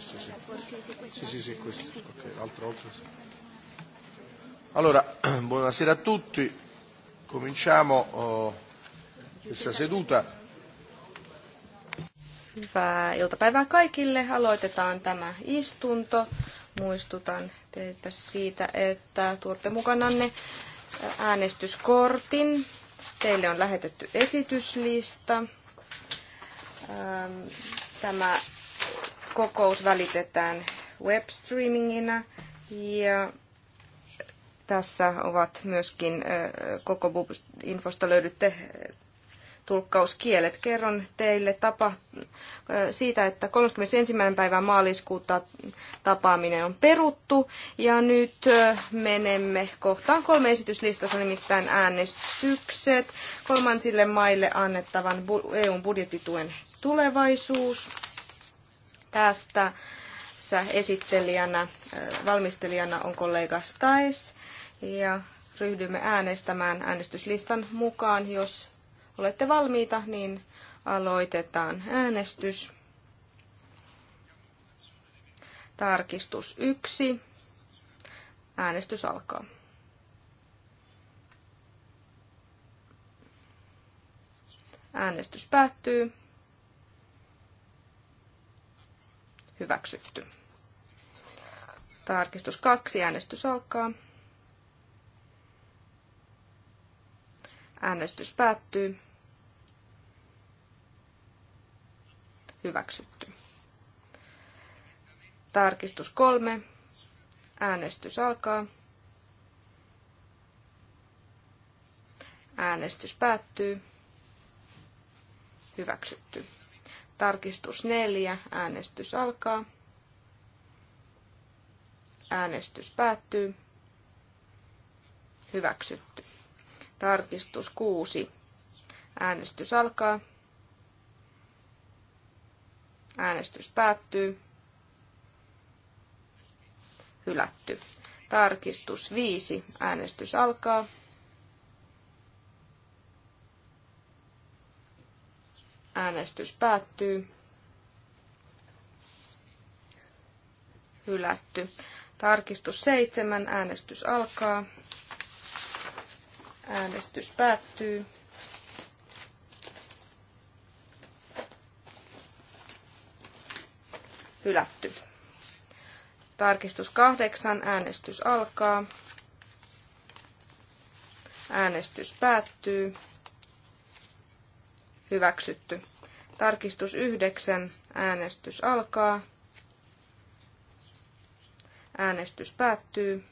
questa, sì. Sì, sì, sì, questo. Ok, l'altra altro. sì. Allora, buonasera a tutti. Cominciamo oh, questa seduta. Hyvää iltapäivää kaikille. Aloitetaan tämä istunto. Muistutan teitä siitä, että tuotte mukananne äänestyskortin. Teille on lähetetty esityslista. Tämä kokous välitetään webstreamingina ja tässä ovat myöskin koko infosta löydytte tulkkauskielet. Kerron teille tapa, siitä, että 31. päivä maaliskuuta tapaaminen on peruttu. Ja nyt menemme kohtaan kolme esityslistassa, nimittäin äänestykset, kolmansille maille annettavan EUn budjettituen tulevaisuus tästä. Sä esittelijänä, äh, valmistelijana on kollega Stais ja ryhdymme äänestämään äänestyslistan mukaan. Jos olette valmiita, niin aloitetaan äänestys. Tarkistus 1. Äänestys alkaa. Äänestys päättyy. hyväksytty. Tarkistus kaksi, äänestys alkaa. Äänestys päättyy. Hyväksytty. Tarkistus kolme. Äänestys alkaa. Äänestys päättyy. Hyväksytty. Tarkistus neljä. Äänestys alkaa. Äänestys päättyy. Hyväksytty. Tarkistus kuusi. Äänestys alkaa. Äänestys päättyy. Hylätty. Tarkistus 5. Äänestys alkaa. Äänestys päättyy. Hylätty. Tarkistus 7. Äänestys alkaa. Äänestys päättyy. Hylätty. Tarkistus 8. Äänestys alkaa. Äänestys päättyy hyväksytty. Tarkistus 9. Äänestys alkaa. Äänestys päättyy.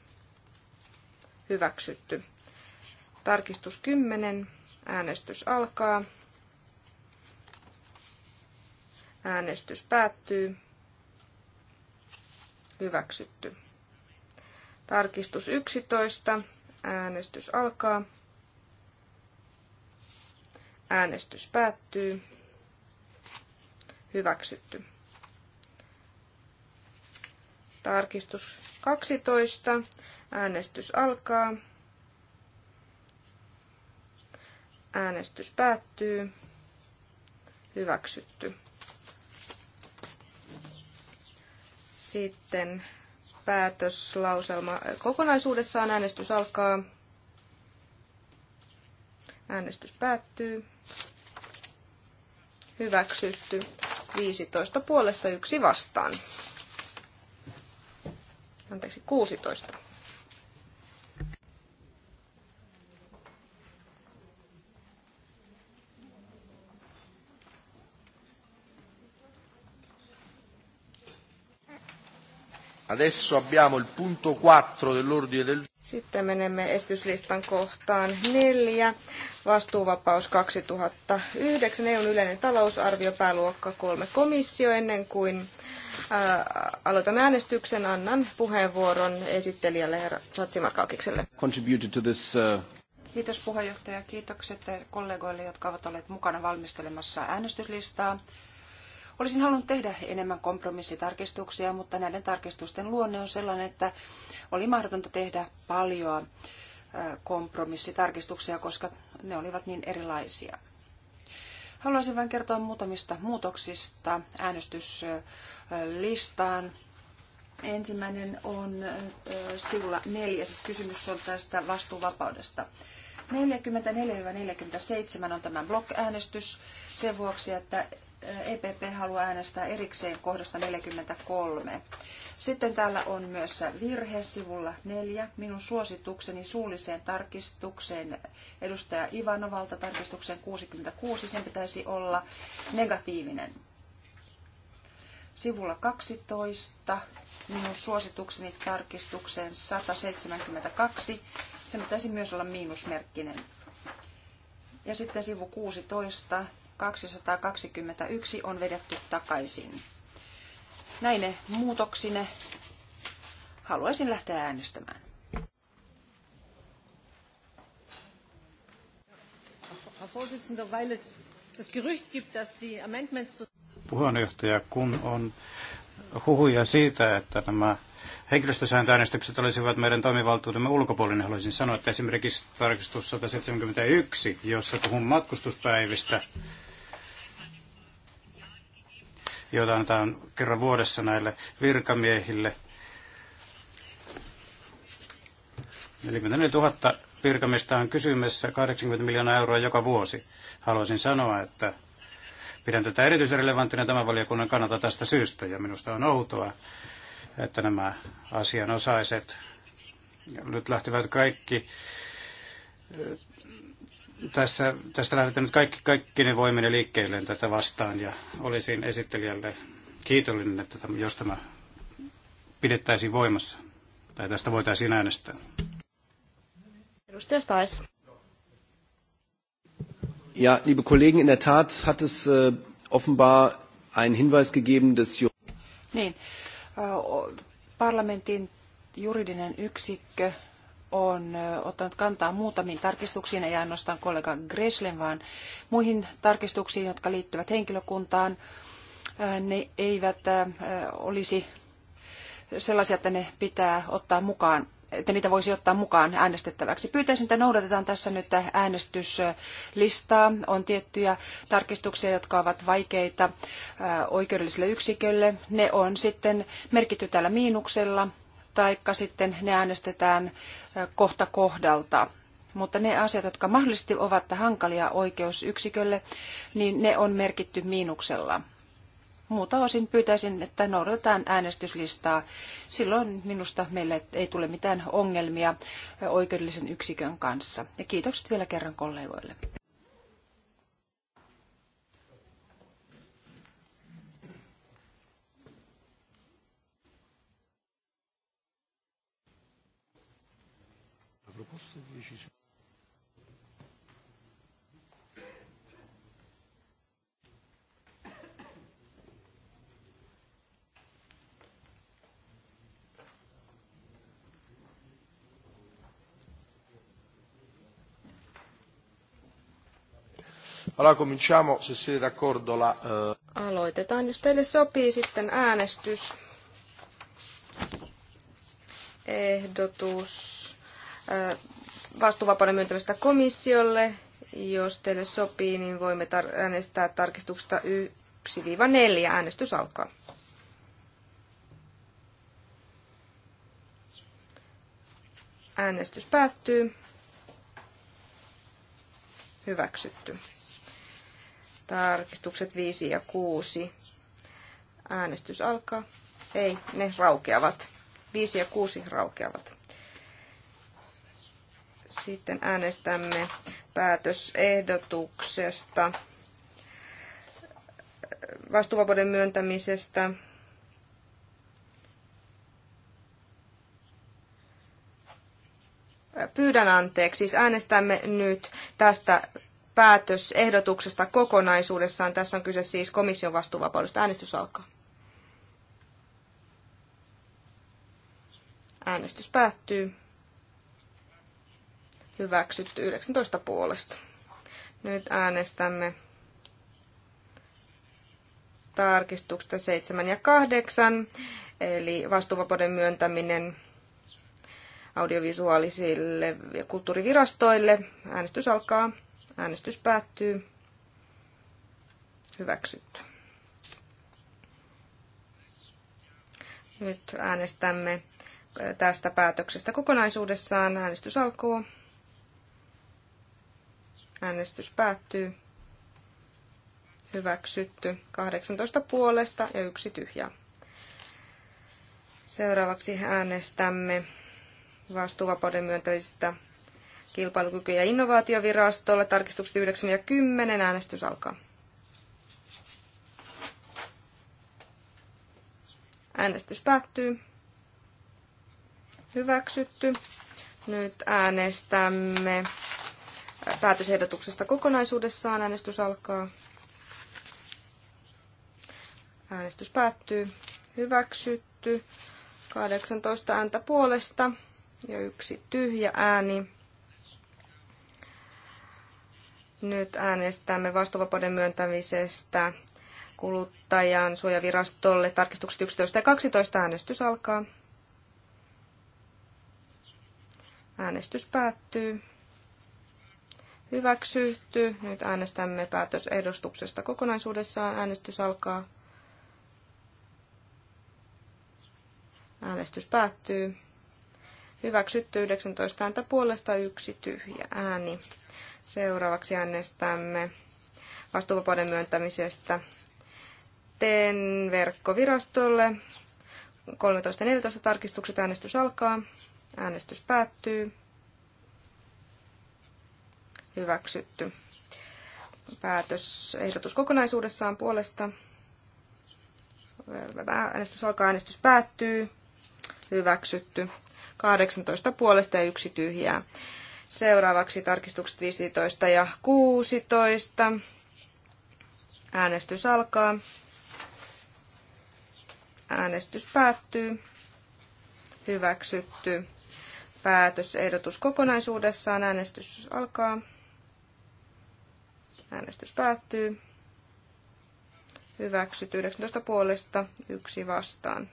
Hyväksytty. Tarkistus 10. Äänestys alkaa. Äänestys päättyy. Hyväksytty. Tarkistus 11. Äänestys alkaa. Äänestys päättyy. Hyväksytty. Tarkistus 12. Äänestys alkaa. Äänestys päättyy. Hyväksytty. Sitten päätöslauselma kokonaisuudessaan äänestys alkaa. Äänestys päättyy hyväksytty 15 puolesta yksi vastaan. Anteeksi, 16 Adesso abbiamo il punto 4 dell'ordine del Sitten menemme esityslistan kohtaan 4. Vastuuvapaus 2009, EUn yleinen talousarvio, pääluokka 3 komissio. Ennen kuin ää, äh, aloitamme äänestyksen, annan puheenvuoron esittelijälle herra Satsimarkaukikselle. Uh, Kiitos puheenjohtaja. Kiitokset kollegoille, jotka ovat olleet mukana valmistelemassa äänestyslistaa. Olisin halunnut tehdä enemmän kompromissitarkistuksia, mutta näiden tarkistusten luonne on sellainen, että oli mahdotonta tehdä paljon kompromissitarkistuksia, koska ne olivat niin erilaisia. Haluaisin vain kertoa muutamista muutoksista äänestyslistaan. Ensimmäinen on sivulla neljä, siis kysymys on tästä vastuuvapaudesta. 44-47 on tämä blok-äänestys sen vuoksi, että EPP haluaa äänestää erikseen kohdasta 43. Sitten täällä on myös virhe sivulla 4. Minun suositukseni suulliseen tarkistukseen edustaja Ivanovalta tarkistukseen 66. Sen pitäisi olla negatiivinen. Sivulla 12 minun suositukseni tarkistukseen 172. Sen pitäisi myös olla miinusmerkkinen. Ja sitten sivu 16 221 on vedetty takaisin. Näine muutoksine haluaisin lähteä äänestämään. Puheenjohtaja, kun on huhuja siitä, että nämä henkilöstösääntöäänestykset olisivat meidän toimivaltuutemme ulkopuolinen, niin haluaisin sanoa, että esimerkiksi tarkistus 171, jossa puhun matkustuspäivistä, joita annetaan kerran vuodessa näille virkamiehille. 44 000 virkamista on kysymässä 80 miljoonaa euroa joka vuosi. Haluaisin sanoa, että pidän tätä erityisen relevanttina tämän valiokunnan kannalta tästä syystä, ja minusta on outoa, että nämä asianosaiset nyt lähtevät kaikki tässä, tästä lähdetään nyt kaikki, kaikki ne voiminen liikkeelle tätä vastaan ja olisin esittelijälle kiitollinen, että tämän, jos tämä pidettäisiin voimassa tai tästä voitaisiin äänestää. Edustaja Stais. Ja, liebe Kollegen, in der Tat hat es äh, offenbar einen Hinweis gegeben, dass... Niin, äh, parlamentin juridinen yksikkö on ottanut kantaa muutamiin tarkistuksiin, ei ainoastaan kollega Greslen, vaan muihin tarkistuksiin, jotka liittyvät henkilökuntaan. Ne eivät olisi sellaisia, että ne pitää ottaa mukaan että niitä voisi ottaa mukaan äänestettäväksi. Pyytäisin, että noudatetaan tässä nyt äänestyslistaa. On tiettyjä tarkistuksia, jotka ovat vaikeita oikeudelliselle yksikölle. Ne on sitten merkitty täällä miinuksella taikka sitten ne äänestetään kohta kohdalta. Mutta ne asiat, jotka mahdollisesti ovat hankalia oikeusyksikölle, niin ne on merkitty miinuksella. Muuta osin pyytäisin, että noudatetaan äänestyslistaa. Silloin minusta meille ei tule mitään ongelmia oikeudellisen yksikön kanssa. Ja kiitokset vielä kerran kollegoille. Allora cominciamo, se siete d'accordo, la... Uh... Aloitetaan, jos teille sopii sitten äänestys. Ehdotus äh, vastuuvapauden myöntämistä komissiolle. Jos teille sopii, niin voimme tar- äänestää tarkistuksesta 1-4. Äänestys alkaa. Äänestys päättyy. Hyväksytty. Tarkistukset 5 ja 6. Äänestys alkaa. Ei, ne raukeavat. 5 ja 6 raukeavat. Sitten äänestämme päätösehdotuksesta, vastuuvapauden myöntämisestä, pyydän anteeksi, siis äänestämme nyt tästä päätösehdotuksesta kokonaisuudessaan. Tässä on kyse siis komission vastuuvapaudesta. Äänestys alkaa. Äänestys päättyy. Hyväksytty 19 puolesta. Nyt äänestämme tarkistuksesta 7 ja 8, eli vastuuvapauden myöntäminen audiovisuaalisille ja kulttuurivirastoille. Äänestys alkaa. Äänestys päättyy. Hyväksytty. Nyt äänestämme äh, tästä päätöksestä kokonaisuudessaan. Äänestys alkuu. Äänestys päättyy. Hyväksytty. 18 puolesta ja yksi tyhjä. Seuraavaksi äänestämme vastuuvapauden myöntävistä kilpailukyky- ja innovaatiovirastolle. Tarkistukset 9 ja 10. Äänestys alkaa. Äänestys päättyy. Hyväksytty. Nyt äänestämme päätösehdotuksesta kokonaisuudessaan. Äänestys alkaa. Äänestys päättyy. Hyväksytty. 18 ääntä puolesta ja yksi tyhjä ääni. Nyt äänestämme vastuvapauden myöntämisestä kuluttajan suojavirastolle. Tarkistukset 11 ja 12 äänestys alkaa. Äänestys päättyy. Hyväksytty. Nyt äänestämme päätösehdostuksesta kokonaisuudessaan. Äänestys alkaa. Äänestys päättyy. Hyväksytty 19 ääntä puolesta yksi tyhjä ääni. Seuraavaksi äänestämme vastuuvapauden myöntämisestä teen verkkovirastolle. 13.14 tarkistukset äänestys alkaa. Äänestys päättyy. Hyväksytty. Päätös ehdotus kokonaisuudessaan puolesta. Äänestys alkaa, äänestys päättyy. Hyväksytty. 18 puolesta ja yksi tyhjää. Seuraavaksi tarkistukset 15 ja 16. Äänestys alkaa. Äänestys päättyy. Hyväksytty. Päätösehdotus kokonaisuudessaan. Äänestys alkaa. Äänestys päättyy. Hyväksytty 19 puolesta, yksi vastaan.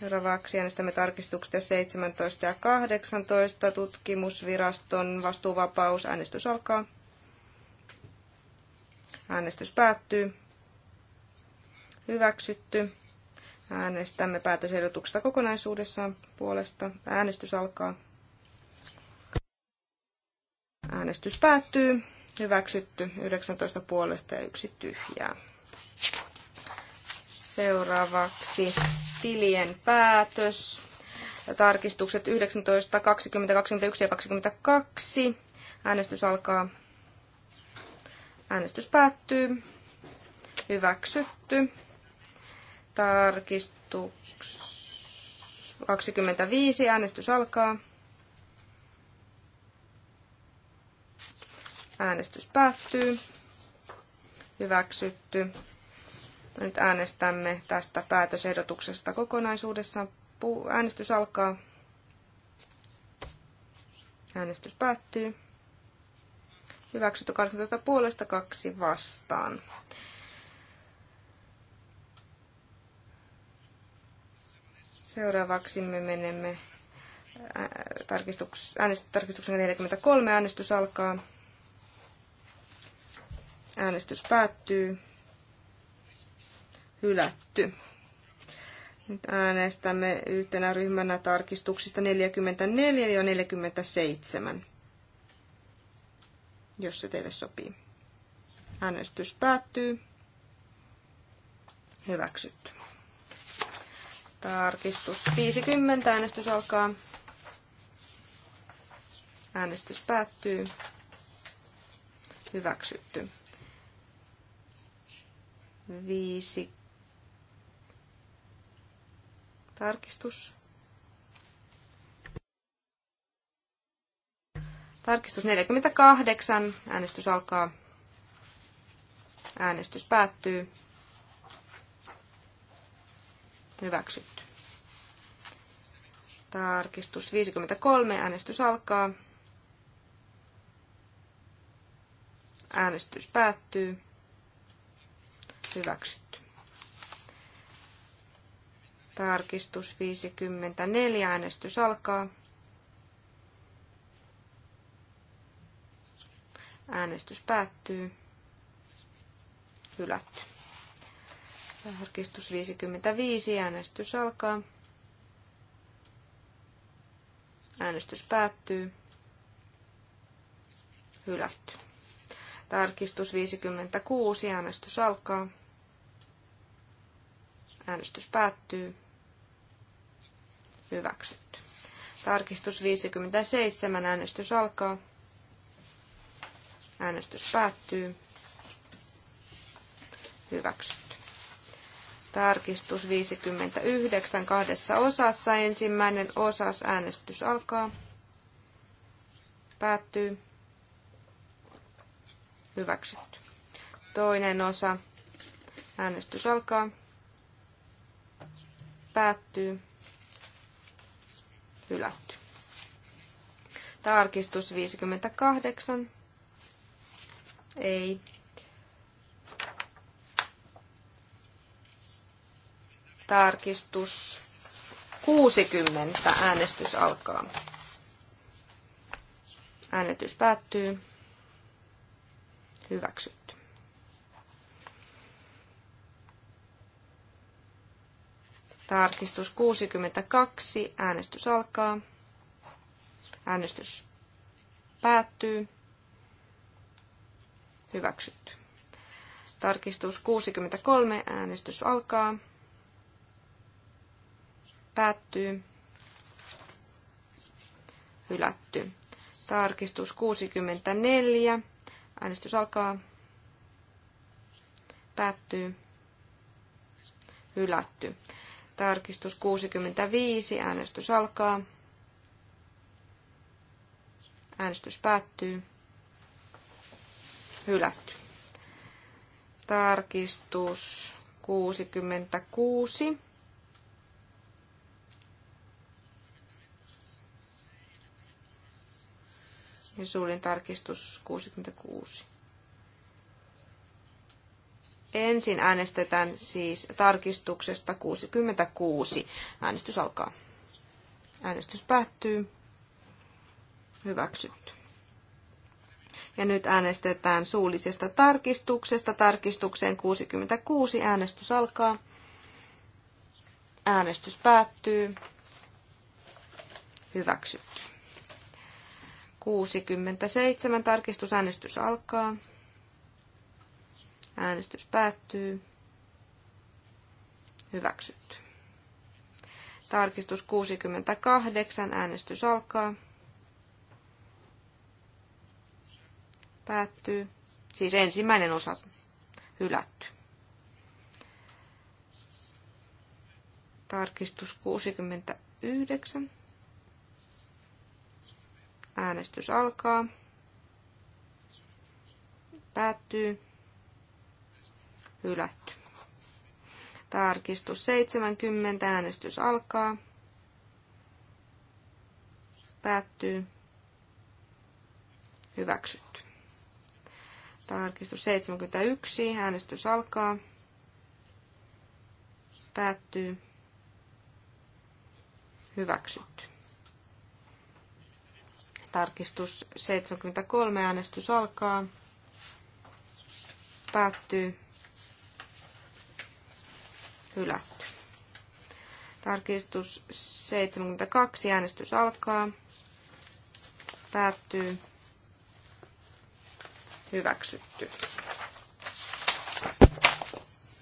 Seuraavaksi äänestämme tarkistuksesta 17 ja 18. Tutkimusviraston vastuuvapaus. Äänestys alkaa. Äänestys päättyy. Hyväksytty. Äänestämme päätösehdotuksesta kokonaisuudessaan puolesta. Äänestys alkaa. Äänestys päättyy. Hyväksytty 19 puolesta ja yksi tyhjää. Seuraavaksi tilien päätös. Tarkistukset 19, 20, 21 ja 22. Äänestys alkaa. Äänestys päättyy. Hyväksytty. Tarkistus 25. Äänestys alkaa. Äänestys päättyy. Hyväksytty. Nyt äänestämme tästä päätösehdotuksesta kokonaisuudessaan. Äänestys alkaa. Äänestys päättyy. Hyväksytty 18 puolesta kaksi vastaan. Seuraavaksi me menemme tarkistuksen 43. Äänestys alkaa. Äänestys päättyy hylätty. Nyt äänestämme yhtenä ryhmänä tarkistuksista 44 ja 47, jos se teille sopii. Äänestys päättyy. Hyväksytty. Tarkistus 50. Äänestys alkaa. Äänestys päättyy. Hyväksytty. 50. Tarkistus. Tarkistus 48. Äänestys alkaa. Äänestys päättyy. Hyväksytty. Tarkistus 53. Äänestys alkaa. Äänestys päättyy. Hyväksytty. Tarkistus 54. Äänestys alkaa. Äänestys päättyy. Hylätty. Tarkistus 55. Äänestys alkaa. Äänestys päättyy. Hylätty. Tarkistus 56. Äänestys alkaa. Äänestys päättyy hyväksytty. Tarkistus 57, äänestys alkaa. Äänestys päättyy. Hyväksytty. Tarkistus 59 kahdessa osassa. Ensimmäinen osas äänestys alkaa. Päättyy. Hyväksytty. Toinen osa. Äänestys alkaa. Päättyy hylätty. Tarkistus 58. Ei. Tarkistus 60. Äänestys alkaa. Äänestys päättyy. Hyväksytty. Tarkistus 62. Äänestys alkaa. Äänestys päättyy. Hyväksytty. Tarkistus 63. Äänestys alkaa. Päättyy. Hylätty. Tarkistus 64. Äänestys alkaa. Päättyy. Hylätty. Tarkistus 65. Äänestys alkaa. Äänestys päättyy. Hylätty. Tarkistus 66. Ja suullin tarkistus 66. Ensin äänestetään siis tarkistuksesta 66. Äänestys alkaa. Äänestys päättyy. Hyväksytty. Ja nyt äänestetään suullisesta tarkistuksesta. Tarkistukseen 66 äänestys alkaa. Äänestys päättyy. Hyväksytty. 67 tarkistusäänestys alkaa. Äänestys päättyy. Hyväksytty. Tarkistus 68. Äänestys alkaa. Päättyy. Siis ensimmäinen osa hylätty. Tarkistus 69. Äänestys alkaa. Päättyy hylätty. Tarkistus 70, äänestys alkaa. Päättyy. Hyväksytty. Tarkistus 71, äänestys alkaa. Päättyy. Hyväksytty. Tarkistus 73, äänestys alkaa. Päättyy hylätty. Tarkistus 72, äänestys alkaa, päättyy, hyväksytty.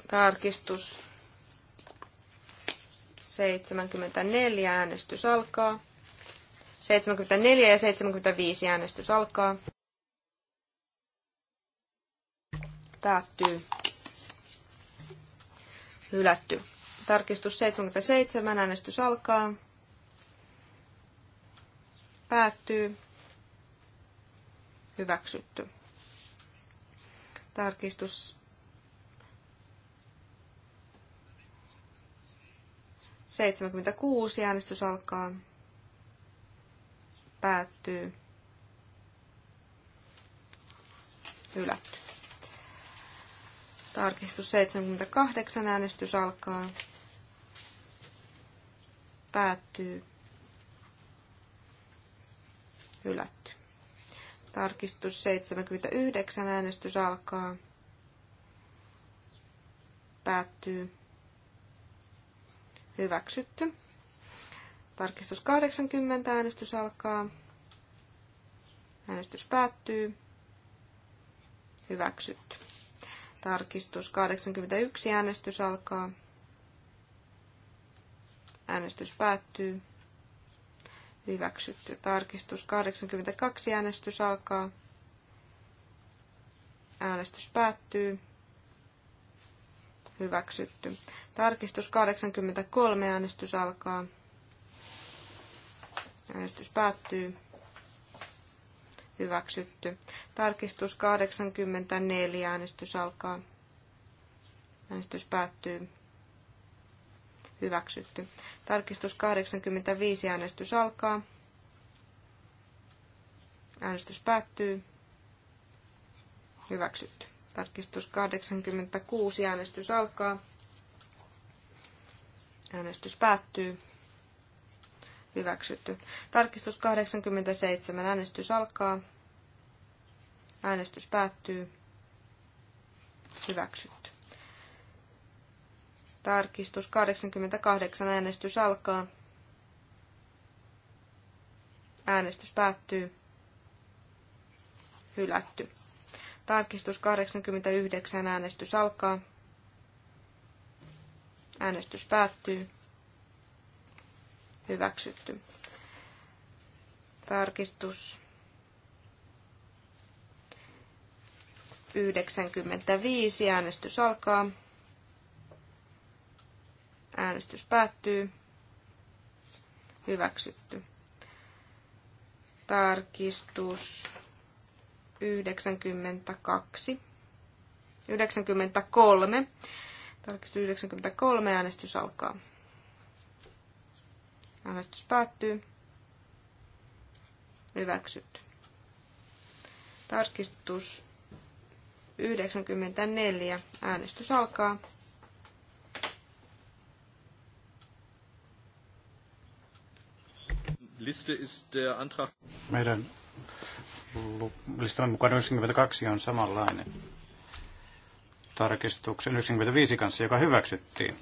Tarkistus 74, äänestys alkaa. 74 ja 75 äänestys alkaa. Päättyy hylätty. Tarkistus 77, äänestys alkaa. Päättyy. Hyväksytty. Tarkistus 76, äänestys alkaa. Päättyy. Hylätty. Tarkistus 78. Äänestys alkaa. Päättyy. Hylätty. Tarkistus 79. Äänestys alkaa. Päättyy. Hyväksytty. Tarkistus 80. Äänestys alkaa. Äänestys päättyy. Hyväksytty. Tarkistus 81. Äänestys alkaa. Äänestys päättyy. Hyväksytty. Tarkistus 82. Äänestys alkaa. Äänestys päättyy. Hyväksytty. Tarkistus 83. Äänestys alkaa. Äänestys päättyy hyväksytty. Tarkistus 84, äänestys alkaa. Äänestys päättyy. Hyväksytty. Tarkistus 85, äänestys alkaa. Äänestys päättyy. Hyväksytty. Tarkistus 86, äänestys alkaa. Äänestys päättyy hyväksytty. Tarkistus 87. Äänestys alkaa. Äänestys päättyy. Hyväksytty. Tarkistus 88. Äänestys alkaa. Äänestys päättyy. Hylätty. Tarkistus 89. Äänestys alkaa. Äänestys päättyy hyväksytty. Tarkistus 95. Äänestys alkaa. Äänestys päättyy. Hyväksytty. Tarkistus 92. 93. Tarkistus 93. Äänestys alkaa. Äänestys päättyy. Hyväksyt. Tarkistus 94. Äänestys alkaa. Liste ist der Antrag. Meidän listamme mukaan 92 on samanlainen tarkistuksen 95 kanssa, joka hyväksyttiin.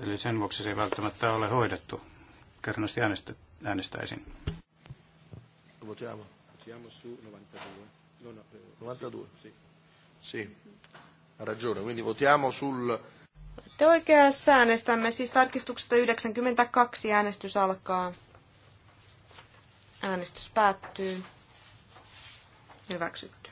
Eli sen vuoksi se ei välttämättä ole hoidettu. Kernosti äänestä, äänestäisin. Votiamo. Votiamo su 92. No, no, 92. Sì. Sì. Ragione, quindi votiamo sul... Te oikeassa äänestämme, siis tarkistuksesta 92 äänestys alkaa. Äänestys päättyy. Hyväksytty.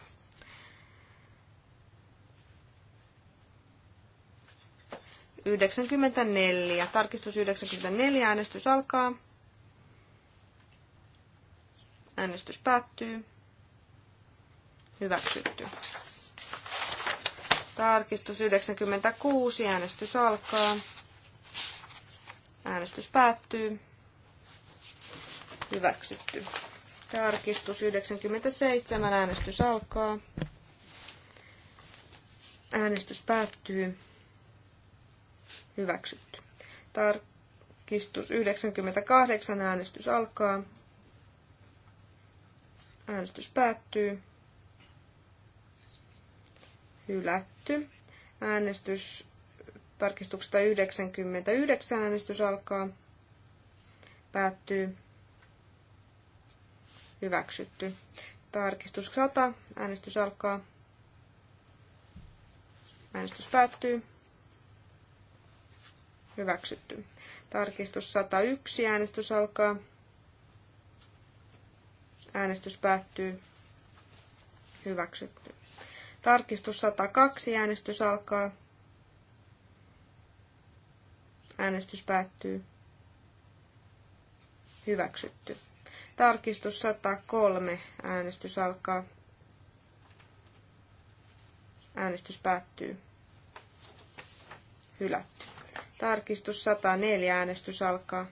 94. Tarkistus 94. Äänestys alkaa. Äänestys päättyy. Hyväksytty. Tarkistus 96. Äänestys alkaa. Äänestys päättyy. Hyväksytty. Tarkistus 97. Äänestys alkaa. Äänestys päättyy hyväksytty. Tarkistus 98, äänestys alkaa. Äänestys päättyy. Hylätty. Äänestys tarkistuksesta 99 äänestys alkaa. Päättyy. Hyväksytty. Tarkistus 100. Äänestys alkaa. Äänestys päättyy. Hyväksytty. Tarkistus 101. Äänestys alkaa. Äänestys päättyy. Hyväksytty. Tarkistus 102. Äänestys alkaa. Äänestys päättyy. Hyväksytty. Tarkistus 103. Äänestys alkaa. Äänestys päättyy. Hylätty. Tarkistus 104. Äänestys alkaa.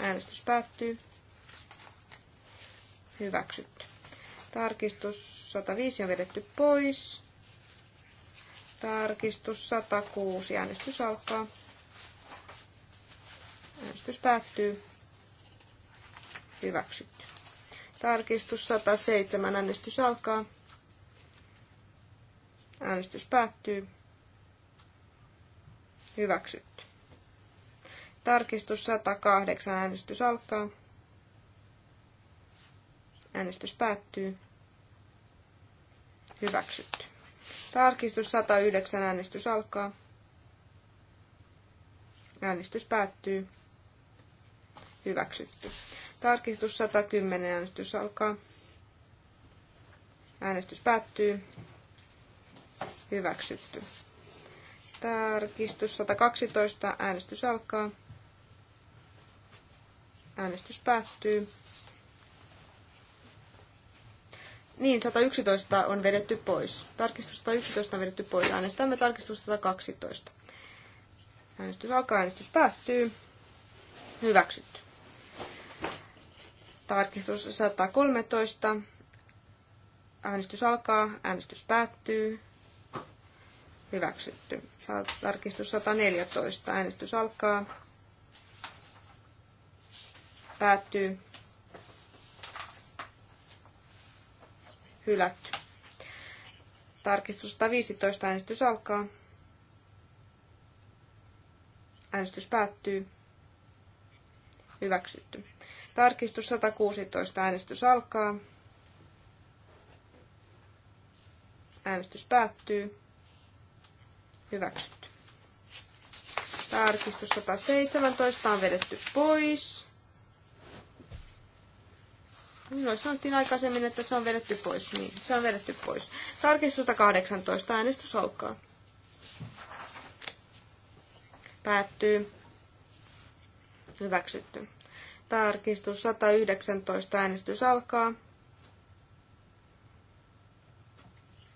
Äänestys päättyy. Hyväksytty. Tarkistus 105 on vedetty pois. Tarkistus 106. Äänestys alkaa. Äänestys päättyy. Hyväksytty. Tarkistus 107. Äänestys alkaa. Äänestys päättyy. Hyväksytty. Tarkistus 108. Äänestys alkaa. Äänestys päättyy. Hyväksytty. Tarkistus 109. Äänestys alkaa. Äänestys päättyy. Hyväksytty. Tarkistus 110. Äänestys alkaa. Äänestys päättyy. Hyväksytty. Tarkistus 112. Äänestys alkaa. Äänestys päättyy. Niin, 111 on vedetty pois. Tarkistus 111 on vedetty pois. Äänestämme tarkistus 112. Äänestys alkaa, äänestys päättyy. Hyväksytty. Tarkistus 113. Äänestys alkaa, äänestys päättyy. Hyväksytty. Tarkistus 114. Äänestys alkaa. Päättyy. Hylätty. Tarkistus 115. Äänestys alkaa. Äänestys päättyy. Hyväksytty. Tarkistus 116. Äänestys alkaa. Äänestys päättyy. Hyväksytty. Tarkistus 117 on vedetty pois. Minulle no, sanottiin aikaisemmin, että se on vedetty pois. Niin, se on vedetty pois. Tarkistus 118. Äänestys alkaa. Päättyy. Hyväksytty. Tarkistus 119. Äänestys alkaa.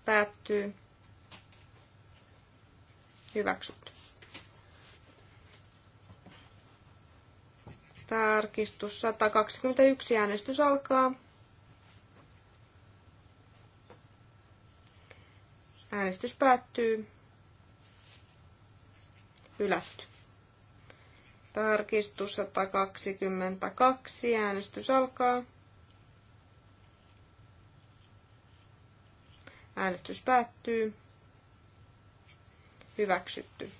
Päättyy. Hyväksyt. Tarkistus 121. Äänestys alkaa. Äänestys päättyy. Hylätty. Tarkistus 122. Äänestys alkaa. Äänestys päättyy. Hyväksytty.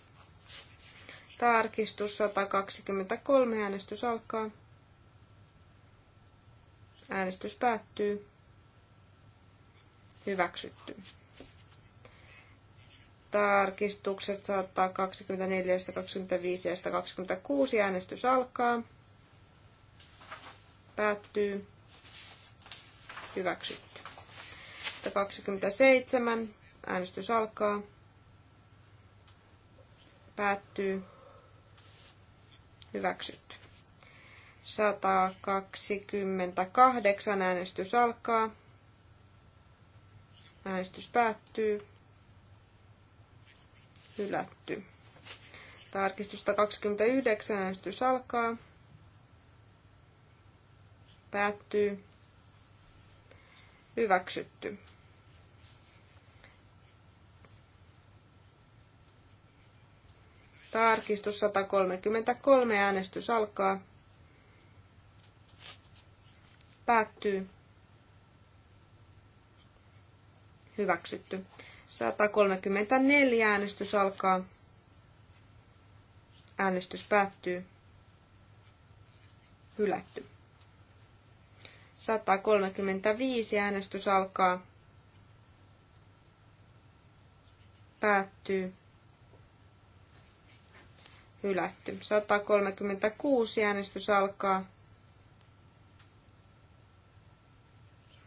Tarkistus 123. Äänestys alkaa. Äänestys päättyy. Hyväksytty. Tarkistukset 124, 125 ja 126. Äänestys alkaa. Päättyy. Hyväksytty. 127. Äänestys alkaa. Päättyy. Hyväksytty. 128 äänestys alkaa. Äänestys päättyy. Hylätty. Tarkistus 129 äänestys alkaa. Päättyy. Hyväksytty. Tarkistus 133. Äänestys alkaa. Päättyy. Hyväksytty. 134. Äänestys alkaa. Äänestys päättyy. Hylätty. 135. Äänestys alkaa. Päättyy hylätty. 136 äänestys alkaa.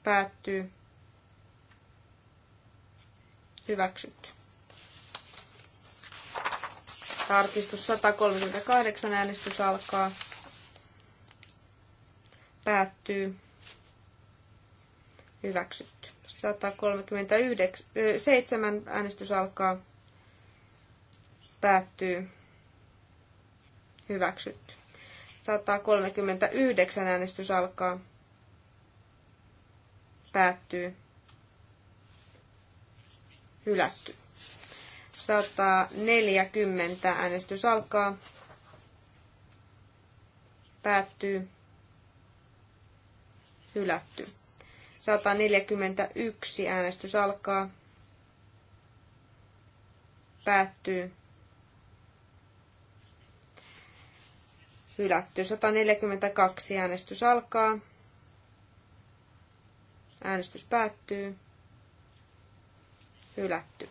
Päättyy. Hyväksytty. Tarkistus 138 äänestys alkaa. Päättyy. Hyväksytty. 137 äänestys alkaa. Päättyy Hyväksytty. 139 äänestys alkaa. Päättyy. Hylätty. 140 äänestys alkaa. Päättyy. Hylätty. 141 äänestys alkaa. Päättyy hylätty. 142 äänestys alkaa. Äänestys päättyy. Hylätty.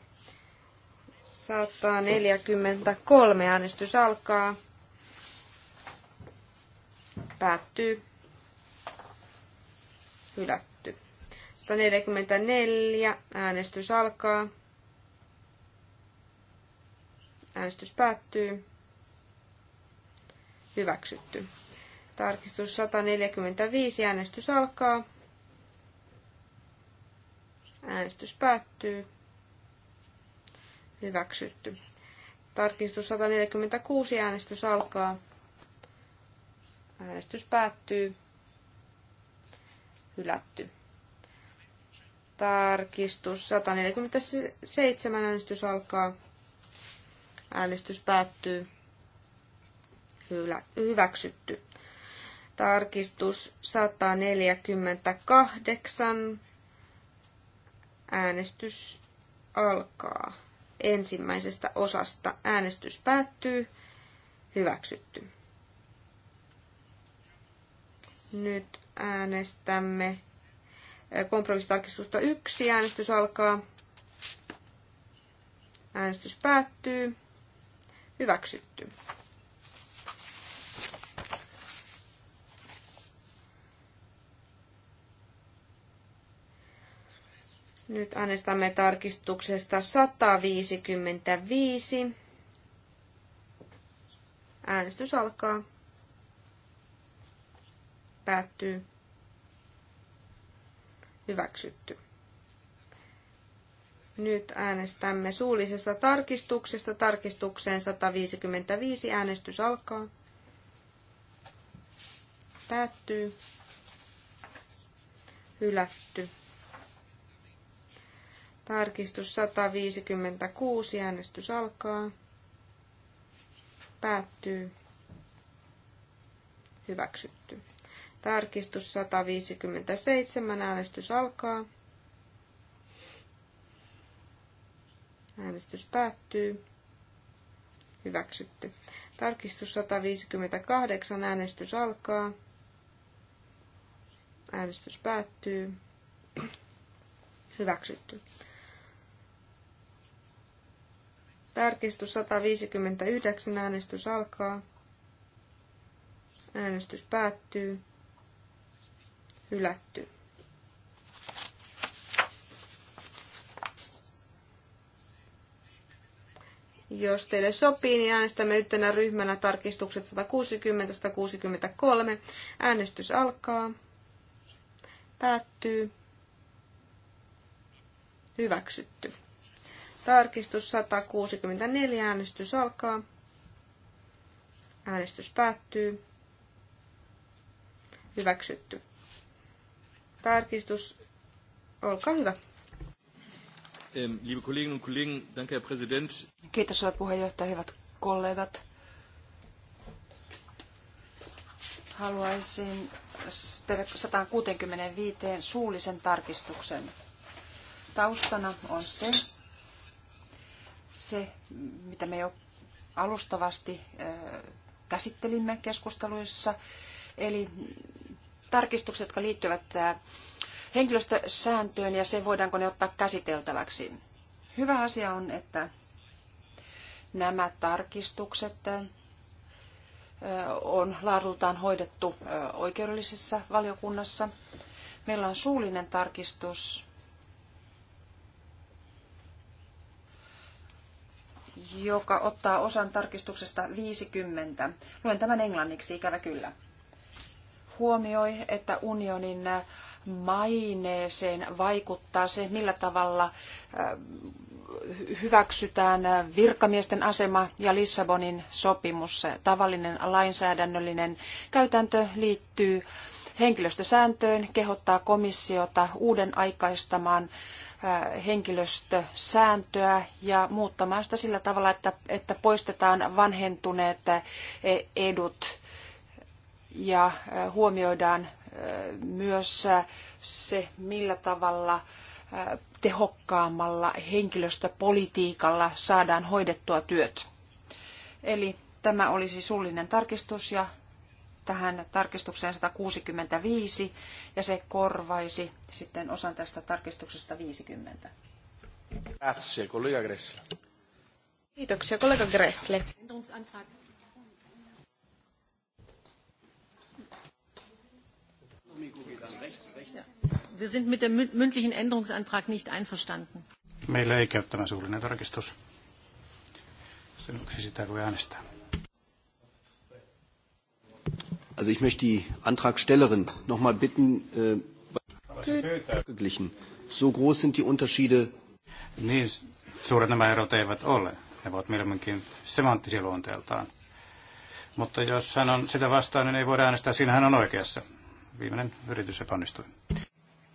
143 äänestys alkaa. Päättyy. Hylätty. 144 äänestys alkaa. Äänestys päättyy hyväksytty. Tarkistus 145, äänestys alkaa. Äänestys päättyy. Hyväksytty. Tarkistus 146, äänestys alkaa. Äänestys päättyy. Hylätty. Tarkistus 147, äänestys alkaa. Äänestys päättyy hyväksytty. Tarkistus 148. Äänestys alkaa. Ensimmäisestä osasta äänestys päättyy. Hyväksytty. Nyt äänestämme kompromissitarkistusta 1. Äänestys alkaa. Äänestys päättyy. Hyväksytty. Nyt äänestämme tarkistuksesta 155. Äänestys alkaa. Päättyy. Hyväksytty. Nyt äänestämme suullisesta tarkistuksesta tarkistukseen 155. Äänestys alkaa. Päättyy. Hylätty. Tarkistus 156, äänestys alkaa. Päättyy. Hyväksytty. Tarkistus 157, äänestys alkaa. Äänestys päättyy. Hyväksytty. Tarkistus 158, äänestys alkaa. Äänestys päättyy. Hyväksytty. Tarkistus 159, äänestys alkaa. Äänestys päättyy. Hylätty. Jos teille sopii, niin äänestämme yhtenä ryhmänä tarkistukset 160-163. Äänestys alkaa. Päättyy. Hyväksytty. Tarkistus 164. Äänestys alkaa. Äänestys päättyy. Hyväksytty. Tarkistus. Olkaa hyvä. Ähm, liebe Kolleginnen und Kollegen, danke Herr Präsident. Kiitos hyvä puheenjohtaja, hyvät kollegat. Haluaisin tehdä 165 suullisen tarkistuksen. Taustana on se, se, mitä me jo alustavasti käsittelimme keskusteluissa, eli tarkistukset, jotka liittyvät henkilöstösääntöön ja se, voidaanko ne ottaa käsiteltäväksi. Hyvä asia on, että nämä tarkistukset on laadultaan hoidettu oikeudellisessa valiokunnassa. Meillä on suullinen tarkistus joka ottaa osan tarkistuksesta 50. Luen tämän englanniksi, ikävä kyllä. Huomioi, että unionin maineeseen vaikuttaa se, millä tavalla eh, hyväksytään virkamiesten asema ja Lissabonin sopimus. Tavallinen lainsäädännöllinen käytäntö liittyy henkilöstösääntöön, kehottaa komissiota uuden aikaistamaan henkilöstösääntöä ja muuttamaan sitä sillä tavalla, että, että poistetaan vanhentuneet edut ja huomioidaan myös se, millä tavalla tehokkaammalla henkilöstöpolitiikalla saadaan hoidettua työt. Eli tämä olisi siis suullinen tarkistus ja tähän tarkistukseen 165 ja se korvaisi sitten osan tästä tarkistuksesta 50. Grazie, kollega Gressle. Kiitoksia, kollega Gressle. Wir sind mit dem mündlichen Änderungsantrag nicht einverstanden. Meillä ei käy tämä suullinen tarkistus. Sen vuoksi sitä voi äänestää. Also ich möchte die Antragstellerin noch mal bitten, äh, So groß sind die Unterschiede. Niin, suuret nämä erot eivät ole. Ne ovat semanttisia luonteeltaan. Mutta jos hän on sitä vastaan, niin ei voida äänestää. Siinä hän on oikeassa. Viimeinen yritys epäonnistui.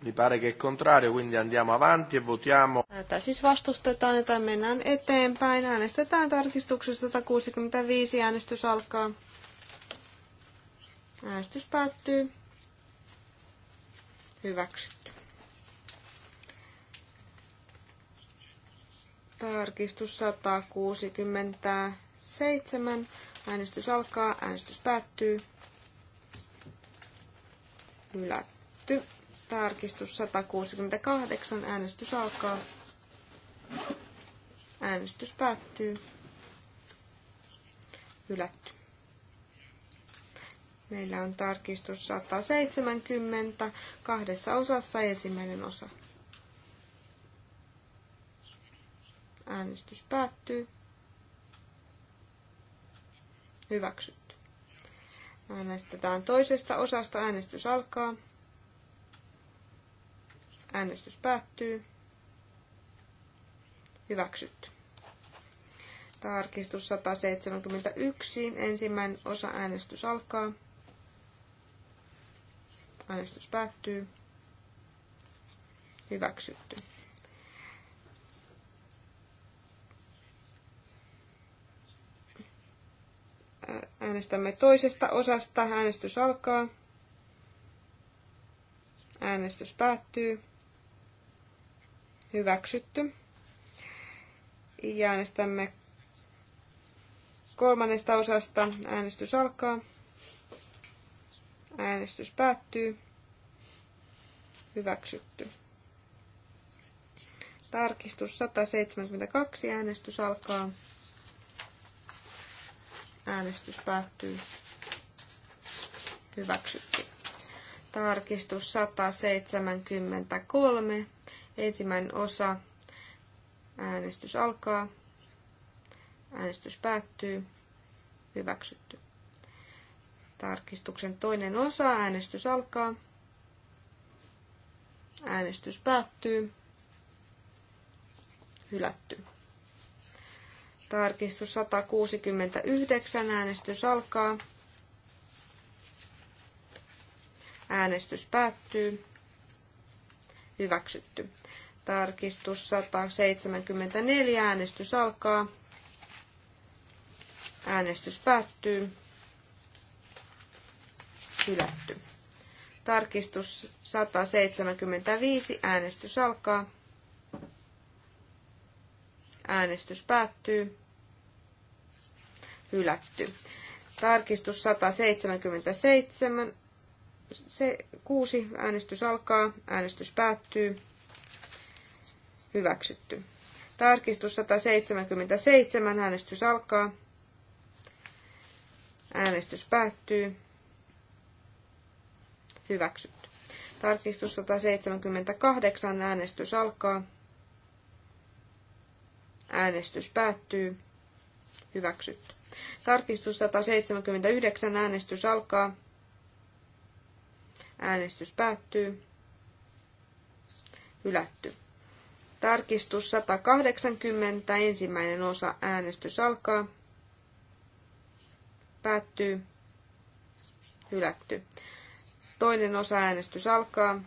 Mi pare che contrario, quindi andiamo avanti e votiamo. Tätä siis vastustetaan, joten mennään eteenpäin. Äänestetään tarkistuksessa 165. Äänestys alkaa. Äänestys päättyy. Hyväksytty. Tarkistus 167. Äänestys alkaa, äänestys päättyy. Hylätty. Tarkistus 168. Äänestys alkaa. Äänestys päättyy. Hylätty. Meillä on tarkistus 170 kahdessa osassa ensimmäinen osa. Äänestys päättyy. Hyväksytty. Äänestetään toisesta osasta. Äänestys alkaa. Äänestys päättyy. Hyväksytty. Tarkistus 171. Ensimmäinen osa äänestys alkaa. Äänestys päättyy. Hyväksytty. Äänestämme toisesta osasta. Äänestys alkaa. Äänestys päättyy. Hyväksytty. Ja äänestämme kolmannesta osasta. Äänestys alkaa. Äänestys päättyy. Hyväksytty. Tarkistus 172. Äänestys alkaa. Äänestys päättyy. Hyväksytty. Tarkistus 173. Ensimmäinen osa. Äänestys alkaa. Äänestys päättyy. Hyväksytty. Tarkistuksen toinen osa. Äänestys alkaa. Äänestys päättyy. Hylätty. Tarkistus 169. Äänestys alkaa. Äänestys päättyy. Hyväksytty. Tarkistus 174. Äänestys alkaa. Äänestys päättyy hylätty. Tarkistus 175, äänestys alkaa. Äänestys päättyy. Hylätty. Tarkistus 177, se, 6, äänestys alkaa, äänestys päättyy. Hyväksytty. Tarkistus 177, äänestys alkaa. Äänestys päättyy hyväksytty. Tarkistus 178, äänestys alkaa. Äänestys päättyy. Hyväksytty. Tarkistus 179, äänestys alkaa. Äänestys päättyy. Hylätty. Tarkistus 180, ensimmäinen osa, äänestys alkaa. Päättyy. Hylätty. Toinen osa äänestys alkaa.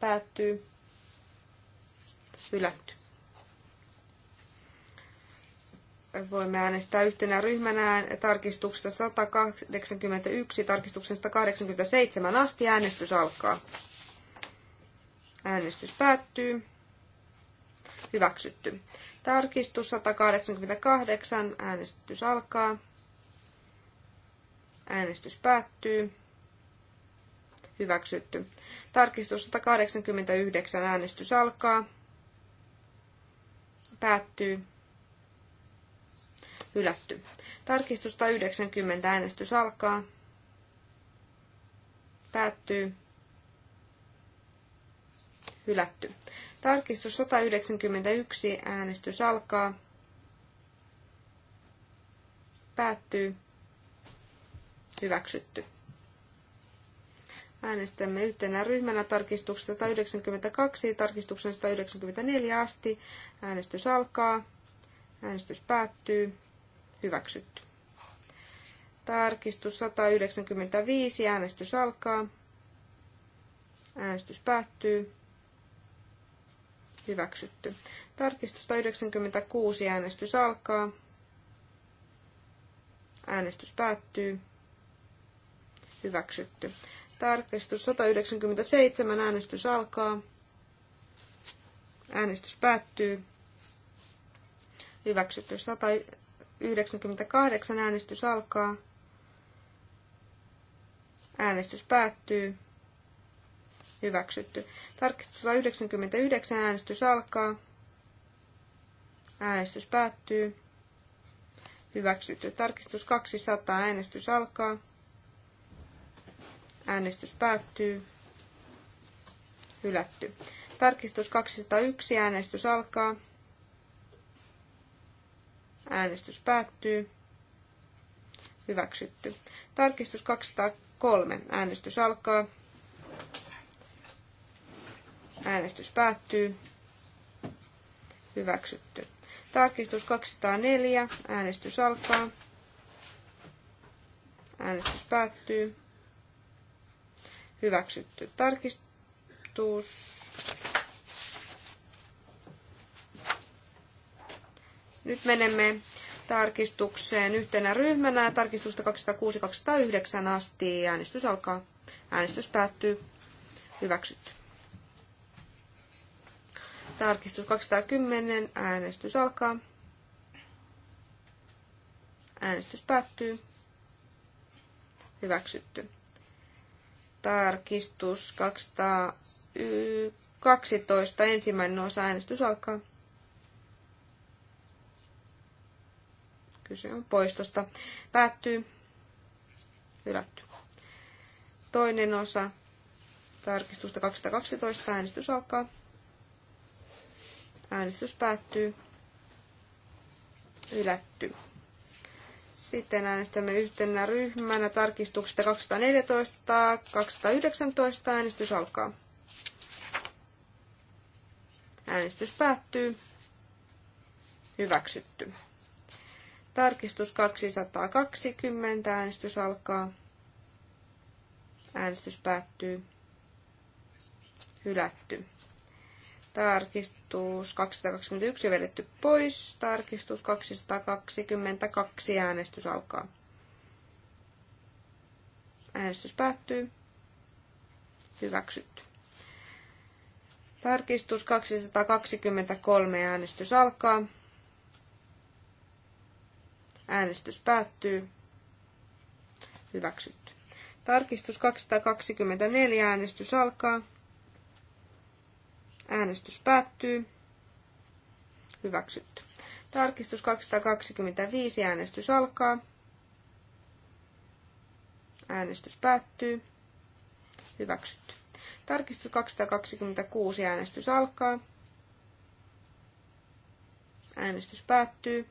Päättyy. Hylätty. Voimme äänestää yhtenä ryhmänä tarkistuksesta 181 tarkistuksen 187 asti. Äänestys alkaa. Äänestys päättyy. Hyväksytty. Tarkistus 188. Äänestys alkaa. Äänestys päättyy. Hyväksytty. Tarkistus 189. Äänestys alkaa. Päättyy. Hylätty. Tarkistus 190. Äänestys alkaa. Päättyy. Hylätty. Tarkistus 191. Äänestys alkaa. Päättyy. Hyväksytty. Äänestämme yhtenä ryhmänä tarkistuksesta 192 tarkistuksen 194 asti. Äänestys alkaa. Äänestys päättyy. Hyväksytty. Tarkistus 195. Äänestys alkaa. Äänestys päättyy. Hyväksytty. Tarkistus 196. Äänestys alkaa. Äänestys päättyy hyväksytty. Tarkistus 197, äänestys alkaa. Äänestys päättyy. Hyväksytty 198, äänestys alkaa. Äänestys päättyy. Hyväksytty. Tarkistus 199, äänestys alkaa. Äänestys päättyy. Hyväksytty. Tarkistus 200, äänestys alkaa. Äänestys päättyy. Hylätty. Tarkistus 201. Äänestys alkaa. Äänestys päättyy. Hyväksytty. Tarkistus 203. Äänestys alkaa. Äänestys päättyy. Hyväksytty. Tarkistus 204. Äänestys alkaa. Äänestys päättyy hyväksytty. Tarkistus. Nyt menemme tarkistukseen yhtenä ryhmänä. Tarkistusta 206-209 asti. Äänestys alkaa. Äänestys päättyy. Hyväksytty. Tarkistus 210. Äänestys alkaa. Äänestys päättyy. Hyväksytty tarkistus 212. Ensimmäinen osa äänestys alkaa. Kyse on poistosta. Päättyy. Hylätty. Toinen osa tarkistusta 212. Äänestys alkaa. Äänestys päättyy. Hylätty. Sitten äänestämme yhtenä ryhmänä tarkistuksesta 214, 219. Äänestys alkaa. Äänestys päättyy. Hyväksytty. Tarkistus 220. Äänestys alkaa. Äänestys päättyy. Hylätty. Tarkistus 221 vedetty pois. Tarkistus 222 äänestys alkaa. Äänestys päättyy. Hyväksytty. Tarkistus 223 äänestys alkaa. Äänestys päättyy. Hyväksytty. Tarkistus 224 äänestys alkaa. Äänestys päättyy. Hyväksytty. Tarkistus 225. Äänestys alkaa. Äänestys päättyy. Hyväksytty. Tarkistus 226. Äänestys alkaa. Äänestys päättyy.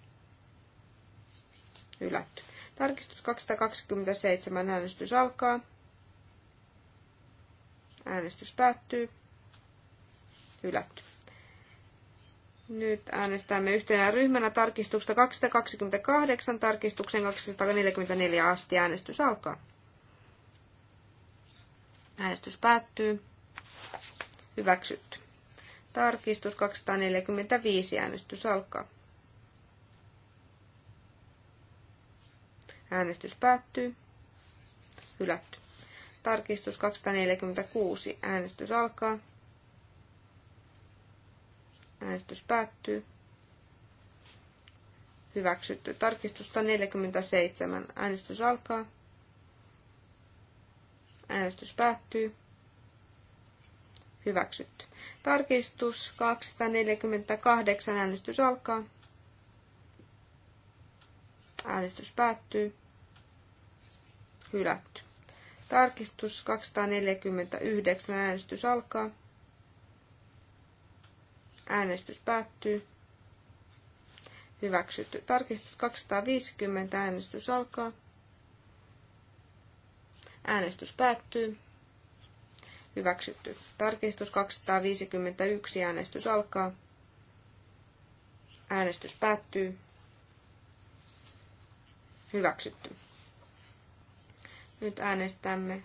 Hylätty. Tarkistus 227. Äänestys alkaa. Äänestys päättyy hylätty. Nyt äänestämme yhtenä ryhmänä tarkistusta 228 tarkistuksen 244 asti. Äänestys alkaa. Äänestys päättyy. Hyväksytty. Tarkistus 245. Äänestys alkaa. Äänestys päättyy. Hylätty. Tarkistus 246. Äänestys alkaa. Äänestys päättyy. Hyväksytty. Tarkistusta 47. Äänestys alkaa. Äänestys päättyy. Hyväksytty. Tarkistus 248. Äänestys alkaa. Äänestys päättyy. Hylätty. Tarkistus 249. Äänestys alkaa. Äänestys päättyy. Hyväksytty. Tarkistus 250. Äänestys alkaa. Äänestys päättyy. Hyväksytty. Tarkistus 251. Äänestys alkaa. Äänestys päättyy. Hyväksytty. Nyt äänestämme